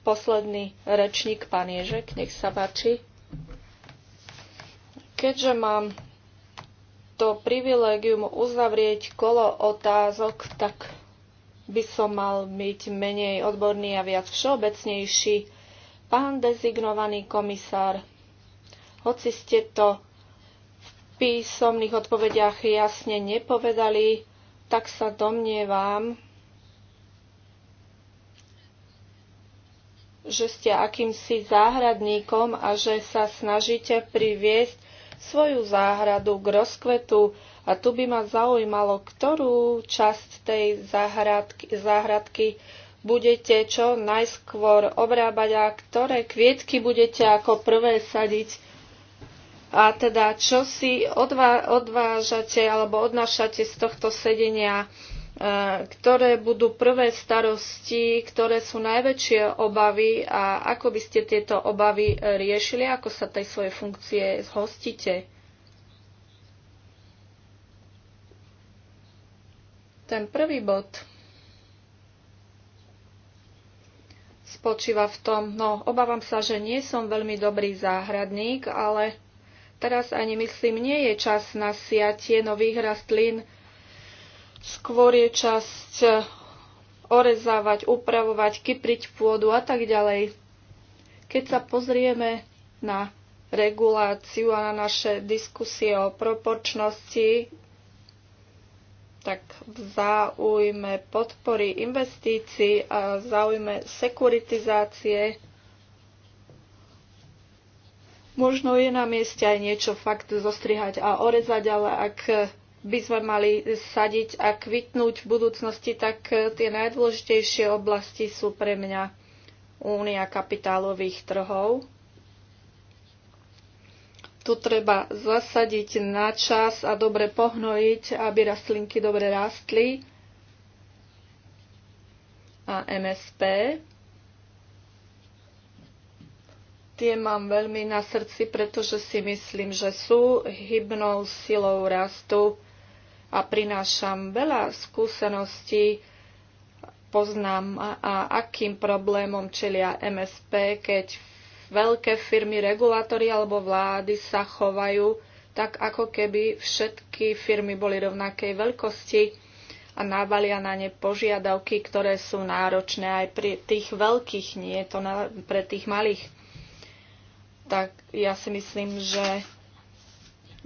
Posledný rečník, pán Ježek, nech sa páči. Keďže mám to privilégium uzavrieť kolo otázok, tak by som mal byť menej odborný a viac všeobecnejší. Pán dezignovaný komisár, hoci ste to v písomných odpovediach jasne nepovedali, tak sa domnievam, že ste akýmsi záhradníkom a že sa snažíte priviesť svoju záhradu k rozkvetu. A tu by ma zaujímalo, ktorú časť tej záhradky, záhradky budete čo najskôr obrábať a ktoré kvietky budete ako prvé sadiť. A teda, čo si odvá, odvážate alebo odnášate z tohto sedenia E, ktoré budú prvé starosti, ktoré sú najväčšie obavy a ako by ste tieto obavy e, riešili, ako sa tej svoje funkcie zhostíte? Ten prvý bod spočíva v tom, no obávam sa, že nie som veľmi dobrý záhradník, ale teraz ani myslím, nie je čas na siatie nových rastlín, Skôr je časť e, orezávať, upravovať, kypriť pôdu a tak ďalej. Keď sa pozrieme na reguláciu a na naše diskusie o proporčnosti, tak v záujme podpory investícií a záujme sekuritizácie možno je na mieste aj niečo fakt zostrihať a orezať, ale ak by sme mali sadiť a kvitnúť v budúcnosti, tak e, tie najdôležitejšie oblasti sú pre mňa únia kapitálových trhov. Tu treba zasadiť na čas a dobre pohnojiť, aby rastlinky dobre rástli. A MSP. Tie mám veľmi na srdci, pretože si myslím, že sú hybnou silou rastu a prinášam veľa skúseností, poznám, a, a akým problémom čelia MSP, keď veľké firmy, regulátory alebo vlády sa chovajú tak, ako keby všetky firmy boli rovnakej veľkosti a návalia na ne požiadavky, ktoré sú náročné aj pri tých veľkých, nie je to na, pre tých malých. Tak ja si myslím, že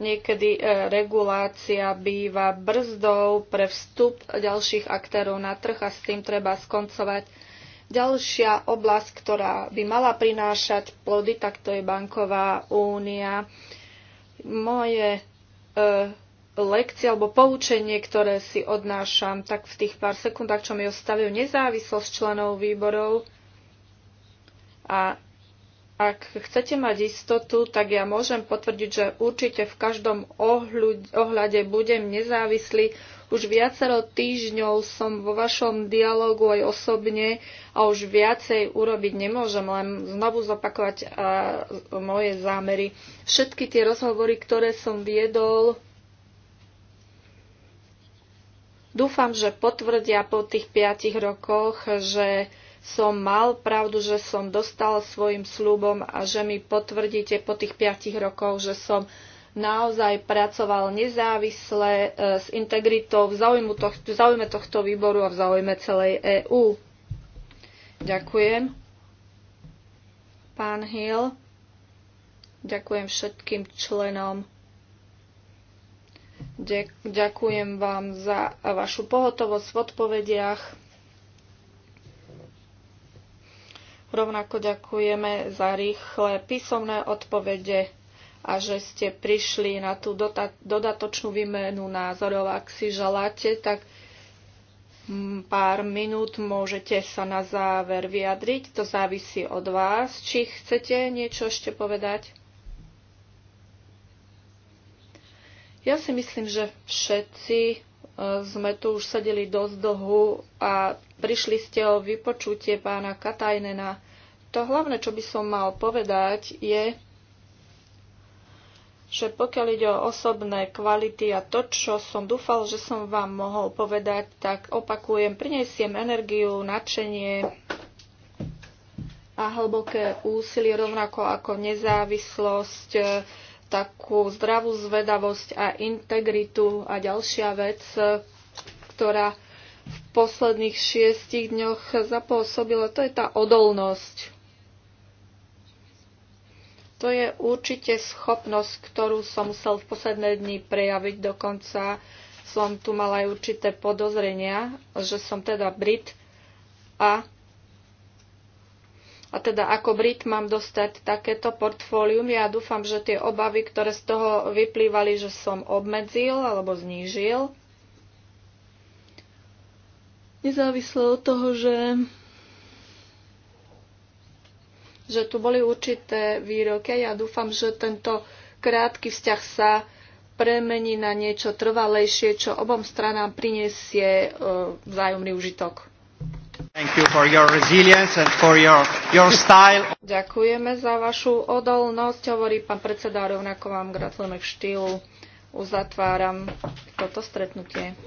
Niekedy e, regulácia býva brzdou pre vstup ďalších aktérov na trh a s tým treba skoncovať. Ďalšia oblasť, ktorá by mala prinášať plody, tak to je banková únia. Moje e, lekcie alebo poučenie, ktoré si odnášam, tak v tých pár sekundách, čo mi ostavujú nezávislosť členov výborov a ak chcete mať istotu, tak ja môžem potvrdiť, že určite v každom ohľade budem nezávislý. Už viacero týždňov som vo vašom dialogu aj osobne a už viacej urobiť nemôžem, len znovu zopakovať moje zámery. Všetky tie rozhovory, ktoré som viedol, dúfam, že potvrdia po tých piatich rokoch, že som mal pravdu, že som dostal svojim slúbom a že mi potvrdíte po tých piatich rokov, že som naozaj pracoval nezávisle e, s integritou v záujme tohto, v záujme tohto výboru a v záujme celej EÚ. Ďakujem. Pán Hill, ďakujem všetkým členom. Ďakujem vám za vašu pohotovosť v odpovediach. Rovnako ďakujeme za rýchle písomné odpovede a že ste prišli na tú dodatočnú výmenu názorov. Ak si želáte, tak pár minút môžete sa na záver vyjadriť. To závisí od vás. Či chcete niečo ešte povedať? Ja si myslím, že všetci e, sme tu už sedeli dosť dlhu a Prišli ste o vypočutie pána Katajnena. To hlavné, čo by som mal povedať, je, že pokiaľ ide o osobné kvality a to, čo som dúfal, že som vám mohol povedať, tak opakujem, prinesiem energiu, nadšenie a hlboké úsilie, rovnako ako nezávislosť, takú zdravú zvedavosť a integritu. A ďalšia vec, ktorá v posledných šiestich dňoch zapôsobilo, to je tá odolnosť. To je určite schopnosť, ktorú som musel v posledné dni prejaviť. Dokonca som tu mala aj určité podozrenia, že som teda Brit a a teda ako Brit mám dostať takéto portfólium. Ja dúfam, že tie obavy, ktoré z toho vyplývali, že som obmedzil alebo znížil. Nezávisle od toho, že že tu boli určité výroky. Ja dúfam, že tento krátky vzťah sa premení na niečo trvalejšie, čo obom stranám prinesie e, vzájomný užitok. You your, your Ďakujeme za vašu odolnosť, hovorí pán predseda, rovnako vám gratulujeme k štýlu. Uzatváram toto stretnutie.